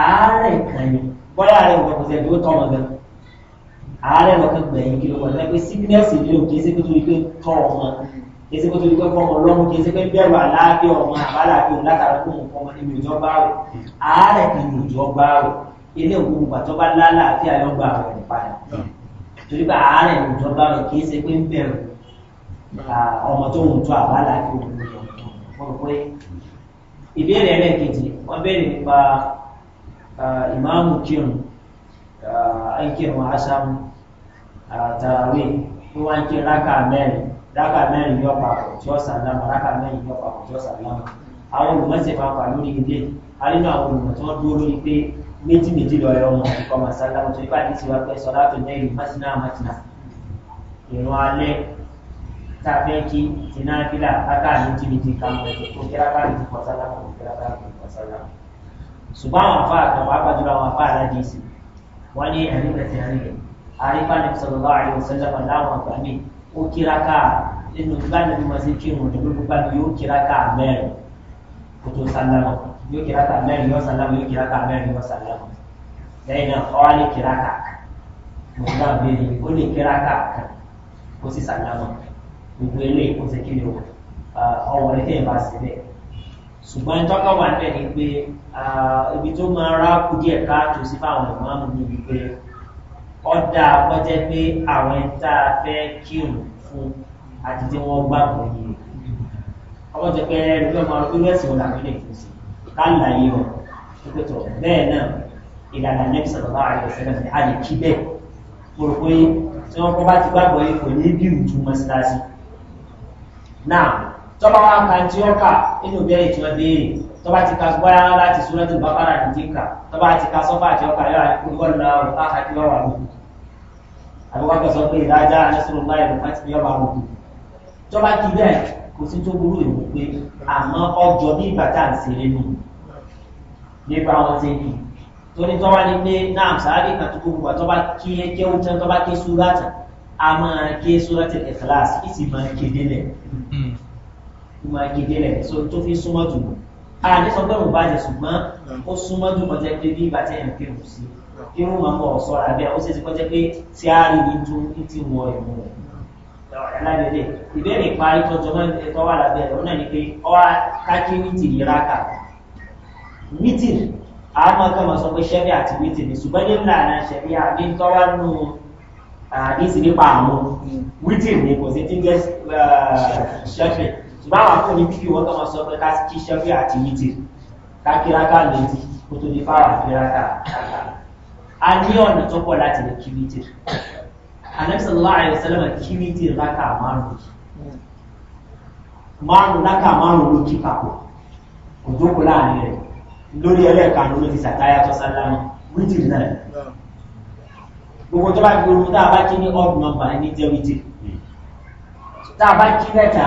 àárẹ̀ kan ni bọ́lá rẹ̀ wọ̀ kò tẹ̀lé ó tọmọ gan àárẹ̀ wọ̀ kan gbẹ̀yìn kí ló wọ̀ lẹ́gbẹ̀ẹ́ sickness ìlú òkè kì í ṣe kó tó di pé fọmọ lọ́mú kì í ṣe pé bẹ̀rù àlàáfíà ọmọ àbálàáfíà látara fún òun fọmọ níbi òjò bá rò àárẹ̀ níbi òjò bá rò ilé òkú ìgbà tó bá lálàáfíà yọ gbà rẹ̀ nípadà torí pé àárẹ̀ níbi òjò bá rò kì í ṣe pé bẹ̀rù ọmọ tó ń tó àbálàáfíà òun lọ pé ìbéèrè ẹlẹ́ẹ̀kejì wọ́n bẹ̀rẹ̀ nípa ìmáàmù kírun ẹ̀kírun aṣáàmù tàràwé wọ́n wá ń kí rákà mẹ́rin rákà mẹ́rin yọ papọ̀ tí ó sàn lámà rákà mẹ́rin yọ papọ̀ tí ó sàn lámà àwọn olùmọ̀ọ́sẹ̀ máa fà lórí ilé alínú àwọn olùmọ̀ tí wọ́n dúró lórí pé méjì méjì lọ ẹ̀rọ wọn kọ́ máa sá lámà tó ipá ní tiwa pé sọ láti mẹ́rin mátínà mátínà ìrún alẹ́ tá a fẹ́ kí tiná fílà rákà méjì méjì kàmọ́ ètò tó kí rákà méjì kọ́ sá lámà tó kí rákà méjì kọ́ sá lámà àwọn afá àtàwọn abájúra àwọn afá aládìsí wọ́n ní ẹ̀rí ó kíráká nínú ìgbàlè bí wọ́n ṣe kírun tó gbogbo gbàgbé yóò kíráká mẹ́rin kó tó sálámà yóò kíráká mẹ́rin yóò sálámà yóò kíráká mẹ́rin yóò sálámà lẹ́yìn náà ọ̀wá lè kíráká mo gbà bẹ́ẹ̀ ó lè kíráká kan kó sì sálámà gbogbo eléyìí kó ṣe kí ni o ọ̀wọ́ ní tẹ̀ bá ṣe bẹ́ẹ̀ ṣùgbọ́n tọ́kọ̀ wà ń tẹ̀ ní ibi tó máa rá kú díẹ̀ káàtó sí fáwọn ìmọ̀ àmúlò wípé ọ̀dà àkọ́jẹ́ pé àwọn ẹ̀ta fẹ́ kírun fún àti tí wọ́n gbàgbọ́ yìí ọmọ jẹ pé ẹni tó máa rú ẹ̀sìn wọn làwọn ilé ìfúnṣe káàlà yìí ọ̀ pípẹ́tọ̀ bẹ́ẹ̀ náà ìlànà nẹ́bí sọ̀rọ̀ bá àyè ọ̀sẹ̀ náà a lè kí bẹ́ẹ̀ mo rò pé tí wọ́n kọ́ bá ti gbàgbọ́ yìí kò ní bí ìrùjú mọ́síláṣí náà tọ́ba wa kan tí ó kà nínú bẹ́ẹ̀ tí wọ́n béèrè tọ́ba ti ka bọ́yá láti súnlẹ̀ tó bàbára ní dínkà tọ́ba ti ka sọ́fà àti ọkà yóò àkókò lọ àhàkí ọ̀rọ̀ àwọn òkú àbúkọ́ kẹsọ pé ìdájá alẹ́sọ̀rọ̀ báyìí lọ́pàá ti fi ọba àwọn òkú tọ́ba kí bẹ́ẹ̀ kò sí tó burú ìwò pé àmọ́ ọjọ́ bí ìgbà tá à ń ṣeré nù nípa wọn ti ní torí tọ́ba ní pé náà sáré kan tó gbogbo tọ́ba kí ẹkẹ́ oúnjẹ tọ́ba ké súrátà a máa àní sọ pé òun bàjẹ́ ṣùgbọ́n hmm. ó súnmọ́ dùnmọ́ jẹ́ pé bí ìgbà tí ẹ̀ ń pè wọ́n sí hmm. irun máa ń bọ̀ sọ́ra bẹ́ẹ̀ ó sì ti pé tí a rí ní tó ní ti wọ ìmú rẹ̀ lábẹ́lẹ̀ ìbéèrè parí tọjọ́ mọ́ ẹ̀tọ́ wà lábẹ́ rẹ̀ ó náà ní pé ọwá kákí mítìrì ráka mítìrì àmọ́ kan máa sọ pé ṣẹ́bí àti mítìrì ṣùgbọ́n ní ńlànà ṣẹ̀bí àbí tọ́wá nù ní hmm. sí nípa àwọn ṣùgbọ́n àwọn afọ ní bíbí wọ́n kàn máa sọ pé ká kí ṣẹ́fì àti wítì ká kíráká létí kó tó di fáwọn kíráká kíráká. a ní ọ̀nà tó pọ̀ láti lè kí wítì anẹ́sọ̀lá àyọ̀sẹ́lẹ̀mọ̀ kí wítì rákà márùn-ún márùn-ún rákà márùn-ún ló kí papọ̀ kò jókòó láàrin rẹ̀ lórí ẹlẹ́ẹ̀kan ló gbogbo tó bá gbogbo tá a kí ní odd number ẹni jẹ́ wítì tá a kí mẹ́ta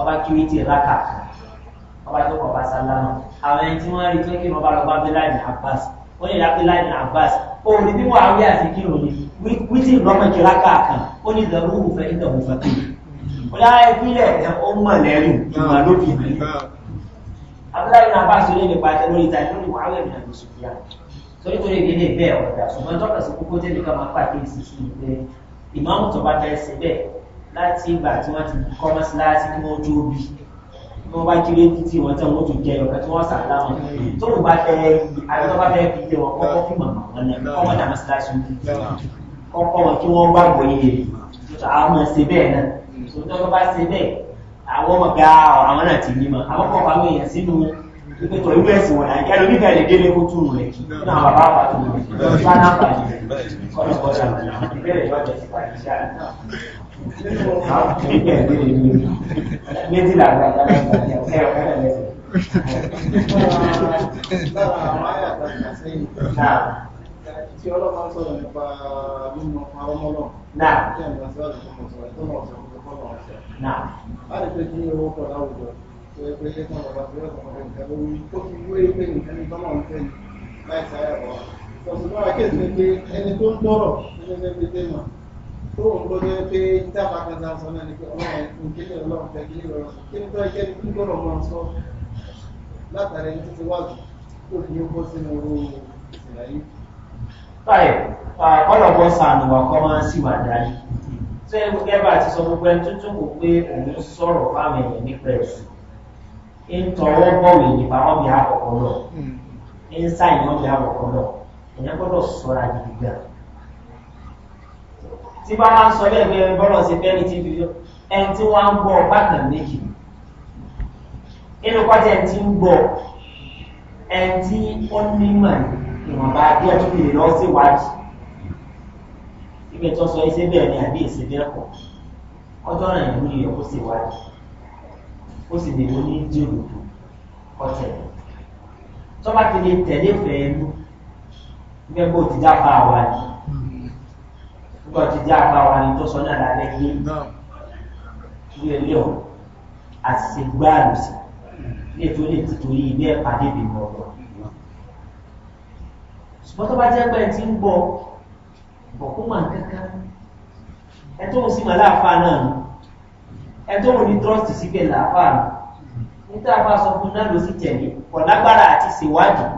ọba kiri ti raka ọba tó kọ̀ bá sálámà àwọn ẹni tí wọ́n rí tó kí ọba lọ́gbà abdullahi bin abbas ó lè lábdullahi bin abbas ó rí bí wọ́n awé àti kí òní wítì lọ́mọ kí raka kan ó ní ìdàrú òfẹ́ ìdàrú òfẹ́ kí ó lára ìpínlẹ̀ ẹ̀ ó mọ̀ lẹ́rù ìmọ̀ lóbi abdullahi bin abbas ó lè nípa ẹ̀ lórí ìtajà lórí wọ́n awé ìrìn àjò sùfìyà torí torí ìdílé bẹ́ẹ̀ ọ̀dà ṣùgbọ́n tọ́kà sí kókó tẹ́lẹ̀ ká máa pàkíyèsí sí i pé ìmáàmù tó bá fẹ́ láti ìgbà tí wọ́n ti kọ́ mọ́síláàtì kí wọ́n jó bí wọ́n bá kéré tí tí wọ́n sàlá wọ́n bá fẹ́ yí wọ́n bá wọn tó bá ṣe bẹ́ẹ̀ àwọn ìwé ẹ̀sìn wọn àìkẹ́ lórí bẹ́ẹ̀ délé kó tún rẹ̀ kí ní bàbá àpá tó lè fi lọ́nà àpàdé ọ̀nà kọjá ìbéèrè ìwádìí pàdé sí àná níbẹ̀ ní ìlú méjìlá àgbàgbà ẹ̀rọ kẹ́lẹ̀ lẹ́sẹ̀. lára àwọn àyàtà sẹ́yìn tí ọlọ́pàá ń sọ̀rọ̀ nípa mímọ arọ́mọ́lọ́ náà kí ẹ̀mí lọ síwájú fún ọ̀sọ̀rọ̀ tó mọ̀ ọ̀sọ̀rọ̀ tó kọ́ lọ ọ̀sẹ̀. náà bá lè pe kí owó pọ̀ láwùjọ tó yẹ pé ṣẹ́kọ̀ọ́ bàbá tó yẹ kọ̀ọ̀kan nǹkan ló wí tó fi wé pé nǹkan ní tọ́mọ̀ ń fẹ́ láì sáyà bọ̀. ọ̀sùn náà kéèsì pé ẹni tó ń tọrọ̀ ẹni tó ń gbé tó ń gbọ́dọ̀ pé ìtàbà kan tá a sọ náà ni pé ọlọ́run ìkílẹ̀ ọlọ́run fẹ́ kí lè sọ kí ní tó ẹjẹ́ ní gbọ́dọ̀ máa sọ látàrí ẹni títí wá kò ní ó bọ́ sínú oró ìsìnláyé. báyìí ọ̀nà kan sànù wà kọ́ máa ń sì wà dáyé tó ẹ gẹ́gẹ́ ti sọ gbogbo ẹni tuntun kò pé òun sọ̀rọ̀ fáwọn èèyàn nípa ẹ̀sùn ń tọwọ́ bọ̀wé nípa wọn bí àkọ́kọ́ lọ hmm. ń sáyìn wọn bí àkọ́kọ́ lọ ìyẹn gbọ́dọ̀ sọ́ra gidi gan-an tí bá wá sọ lẹ́gbẹ̀ẹ́ bọ́lọ̀ sí fẹ́ni tí fífọ́ ẹni tí wọ́n ń gbọ́ bákan méjì inú kọ́jà ẹni tí ń gbọ́ ẹni tí ó ní mọ̀ ìwọ̀nba bí ẹtú lè lọ síwájú ibi tó sọ ẹsẹ bẹ́ẹ̀ ni àbí èsì bẹ́ẹ̀ kọ̀ ọjọ́ náà ìlú yẹ kó síwájú ó sì lè ní jèrò ọ̀tẹ̀ tó bá ti lè tẹ̀lé fẹ́ẹ́ lú gbẹ́gbẹ́ òtítà fáwọn àjò tó ti jẹ́ àpá wa ni tó sọ náà lálẹ́ yé ní ẹlẹ́ ọ̀ àṣegbá àlùsí ní ètò ilé títorí ilé ẹ̀pá débi ọ̀rọ̀ ṣùgbọ́n tó bá jẹ́ pé ti ń bọ̀ bọ̀ kó mà kankan ẹ tó ń sì mà láàfà náà ni ẹ tó ń ní trust síbẹ̀ láàfà ni nítorí àpá sọ fún náà ló sì tẹ̀lé ọ̀lágbára àti ṣèwádìí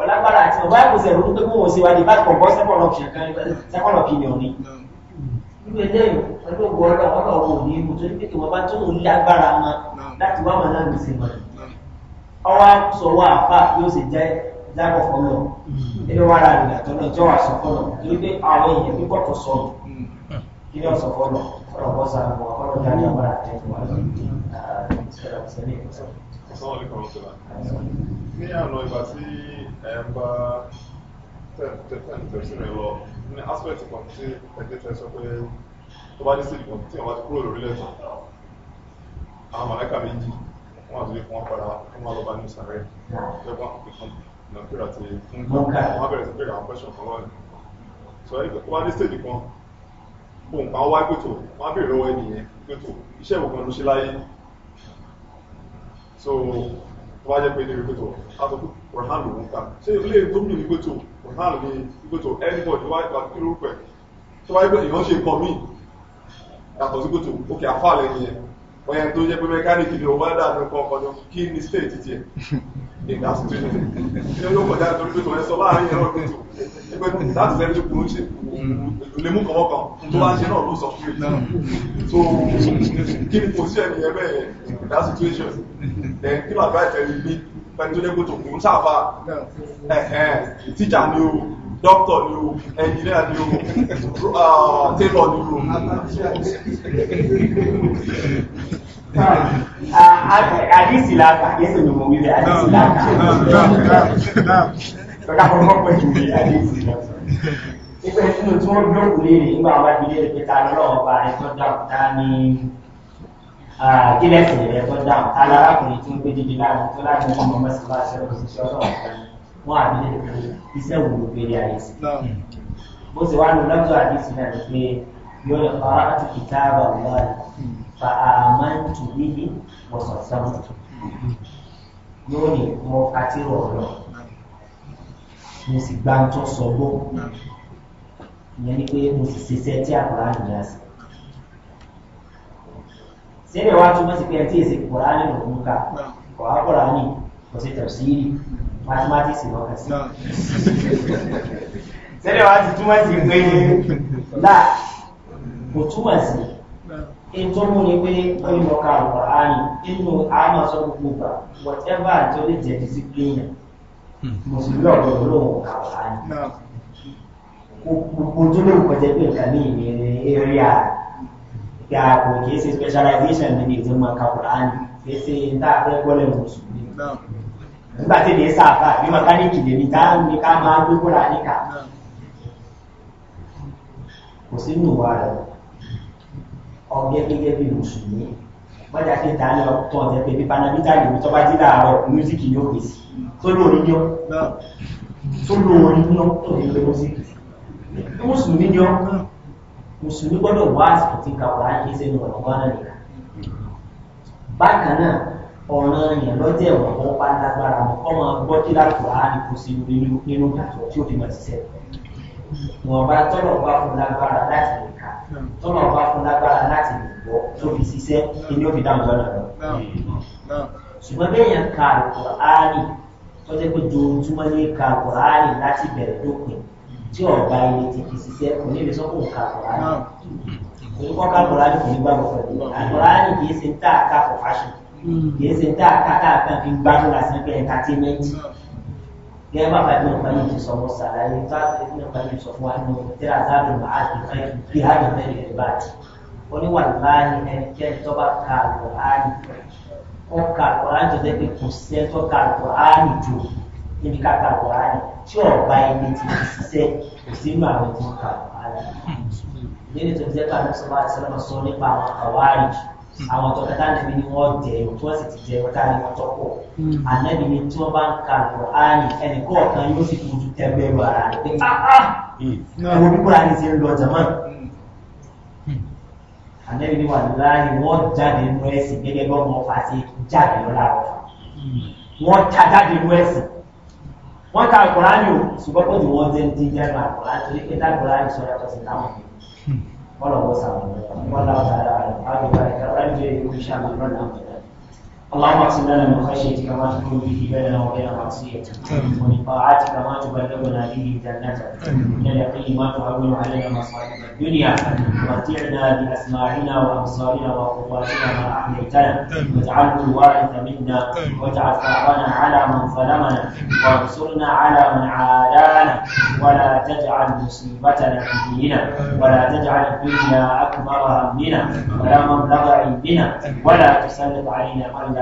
ọ̀lágbára àti ọ̀bá ìkòsẹ̀ ló pé kó wọ́n ṣèwádìí bá kọ̀ bọ́ second option kan second opinion ni. No irú eléyìí pẹ̀lú ògbó ọlọ́wọ́ ọlọ́wọ́ òní mú torí pé kí wọ́n bá tó ń lágbára mọ́ láti wá màá láàmì sí mọ́ ọwọ́ sọ̀wọ́ àfà yóò sì jẹ́ dábọ̀ fọlọ́ ẹgbẹ́ wàrà àgbègbè àtọ́lọ́ ìjọ wà sọ fọlọ́ torí pé àwọn èèyàn pípọ̀ tó sọ kí ni ọ̀sọ̀ fọlọ́ fọlọ́ bọ́ sáà wọ fọlọ́ jáde àbára jẹ́ wà ní àná ìgbà tí ẹ̀ ń ní aspect kan tí ẹgbẹ́ sọ pé tó bá dé sí ìgbọ̀n tí wọ́n ti kúrò lórílẹ̀ tán àwọn mọ̀lẹ́kà méjì wọ́n àti lè fún wọn padà fún wọn lọ́ba ní ìsàrẹ́ lẹ́gbọ́n àpòkùn nàìjíríà ti fún wọn bẹ̀rẹ̀ sí bẹ̀rẹ̀ àwọn pẹ́ṣọ̀ kan lọ́rẹ̀ sọ ẹgbẹ́ tó bá dé stage kùránù lòun ká ṣé ilé gómìnà ní gbẹ́tò kùránù ní gbẹ́tò anybody wáyé gba kí lórúkọ ẹ̀ tó wáyé pé èèyàn ṣe nǹkan míì yàtọ̀ sí gbẹ́tò òkè àfà lẹ́yìn ẹ̀ wọ́n yẹn tó jẹ́ pé mẹkáníìkì ni òun ẹ̀dá àti nǹkan ọkọ̀ kí ni state tiẹ̀ ìgbà sítójú ní ọjọ́ kọjá torí gbẹ́tò ẹ̀ sọ láàrin ẹ̀rọ gbẹ́tò ẹgbẹ́ láti sẹ́ni tó kùnú ṣe lèmú kọ̀ọ̀kan tó wá ṣe náà ló sọ fún mi náà so kí ni position in that situation then kí bàbá ìtẹ̀lé ní pẹ̀lú lẹ́gbò tó kún sáfà ẹ̀hẹ́n tíjà ni o dókítà ni o ẹnjìnìà ni o ah, tẹ́lọ̀ ni o. àdìsí làkà yẹ́sẹ̀ ni mo wílẹ̀ àdìsí làkà. lọ́dà fọwọ́ pẹ̀lú àdìsí làkà nígbà tí mo tún wọ́n gbọ́kùnrin rè nígbà wọn bá ti lé ẹgbẹ́ta lọ́wọ́ ọba ẹ̀tọ́ dà ní gílẹ̀sì rẹ̀ tó dáhùn alárakùnrin tí ń gbé dídí láàrin tó láti mú ọmọ mẹ́sàn-án láti ṣẹlẹ̀ òṣìṣẹ́ ọlọ́run kan wọn àbí lè pe ni pé yóò lè fara àti kìtà àbà wà fa àmà ń tù níbi wọ̀sán sọ́mù. yóò ní mo kàtí rọ̀rọ̀ mo sì gbá ń tọ́ sọ ni pé mo sì ṣiṣẹ́ tí sai da wato masu fiye ce sai ƙuranin da kuka ko a ƙurani ko sai tafsiri mathematics ne waka sai da wato tuma si gbe la ko tuma si in tó mú ni pé ó ń lọ ka ƙurani inú àmà sọ gbogbo ba whatever hmm. tó lè jẹ discipline mùsùlùmí ọ̀dọ̀ olóhùn ka ƙurani gbogbo tó lè kọjá pé nǹkan pé a kò kìí ṣe specialization níbi ìdí mọ ká kùránì kìí ṣe tá a fẹ́ gbọ́lẹ̀ mùsùlùmí. nígbà tí èdè sáfà bí mọ̀kánìkì lèmi tá a ní ká máa gbé kùránì ká kò sí nù wá rẹ̀ ọgbẹ́ gẹ́gẹ́ bí mùsùlùmí wọ́n jà pé ta ni ọ̀tọ̀ ọ̀tẹ̀ pé pípa náà bíjà lèmi tó bá jí láàárọ̀ mísíkì ni ó pèsè tó lórí yọ tó lórí yọ tó lórí mísíkì mùsùlùmí yọ náà mùsùlùmí gbọ́dọ̀ wá àsìkò tí kàwá yìí sẹ́nu ọ̀nà gbọ́dọ̀ nìkan. bákan náà ọ̀ràn yẹn lọ́jọ́ ẹ̀wọ̀n kan bá lágbára wọn kọ́ máa gbọ́ kí láti wá ipò sí nínú nínú ìdájọ́ tí ó fi máa ṣiṣẹ́. wọn bá tọ́lọ̀ bá fún lágbára láti lè kà tọ́lọ̀ bá fún lágbára láti lè gbọ́ tó fi ṣiṣẹ́ ilé òfin dáhùn lọ́nà lọ. ṣùgbọ́n bẹ́ẹ̀yàn ka àlùkò áàlì tọ́jú pé dojúmọ́ ní ka àlùkò áàlì láti bẹ̀rẹ̀ dópin tí ọ̀gá ilé ti fi ṣiṣẹ́ kò ní lè sọ fún òǹkà kùránì òun kọ́ ká kùránì kò ní gbàgbọ́ pẹ̀lú àkùránì kì í ṣe ń tà ká fọ̀ fáṣọ̀ hmm. kì í ṣe ń tà ká káàkiri fi gbádùn láti pẹ́ ẹ̀ńtátémẹ́ǹtì gẹ́gẹ́ bá bàbá ìmọ̀ ìpàdé ti sọ wọ́n sàlàyé tó àti ìmọ̀ ìpàdé sọ fún wa nínú tíra záàdùn máa ti fẹ́ kí á lè fẹ́ lè bá ti ó ní wà láàyè ẹnikẹ́ni tó bá ka àlùkò áàyè ó ka àlùkò áàyè tó dẹ́ pé kò sí ẹ tó ka àlùkò áàyè jù níbi káka kùránì tí ọba ilé ti fi ṣiṣẹ́ kò sí nínú àwọn tí wọ́n ka kùránì. ìdílé tó ń jẹ́ káàdùn sọ́ba àṣẹlẹ̀ sọ nípa àwọn àwárí àwọn tọ́kítà níbi ni wọ́n jẹ ìwọ̀n tí wọ́n sì ti jẹ ìwọ̀n tá ni wọ́n tọ́pọ̀. ànábi ni tí wọ́n bá ń ka kùránì ẹnì kọ̀ọ̀kan yóò sì fojú tẹ́gbẹ́rù ara rẹ̀ pé àwọn oníkùrá ni ti ń lọ jẹ̀mọ́. Hmm. ànábi ni wà láàyè wọ́n jáde nú ẹ̀sìn gẹ́gẹ́ bọ́ mọ́ fà sí jáde lọ́la hmm. wọ́n jáde nú ẹ̀sìn wọ́n ka àkùránì o ṣùgbọ́n pé wọ́n jẹ́ ti jẹ́ àkùránì torí pé dákùránì sọ̀rọ̀ tó ti táwọn wọ́n lọ wọ́n sàmúlò wọ́n láwọn sàrà àlùfáà nípa ìkàrọ̀ láti jẹ́ ìwé iṣẹ́ اللهم اقسم لنا من خشيتك ما تكون به بيننا وبين معصيتك ومن طاعتك ما تبلغنا به جنتك من اليقين ما تهون علينا مصائب الدنيا ومتعنا باسماعنا وابصارنا وقواتنا ما احييتنا واجعله الوارث منا واجعل ثارنا على من ظلمنا وانصرنا على من عادانا ولا تجعل مصيبتنا في ديننا ولا تجعل الدنيا اكبر همنا ولا مبلغ عندنا ولا تسلط علينا من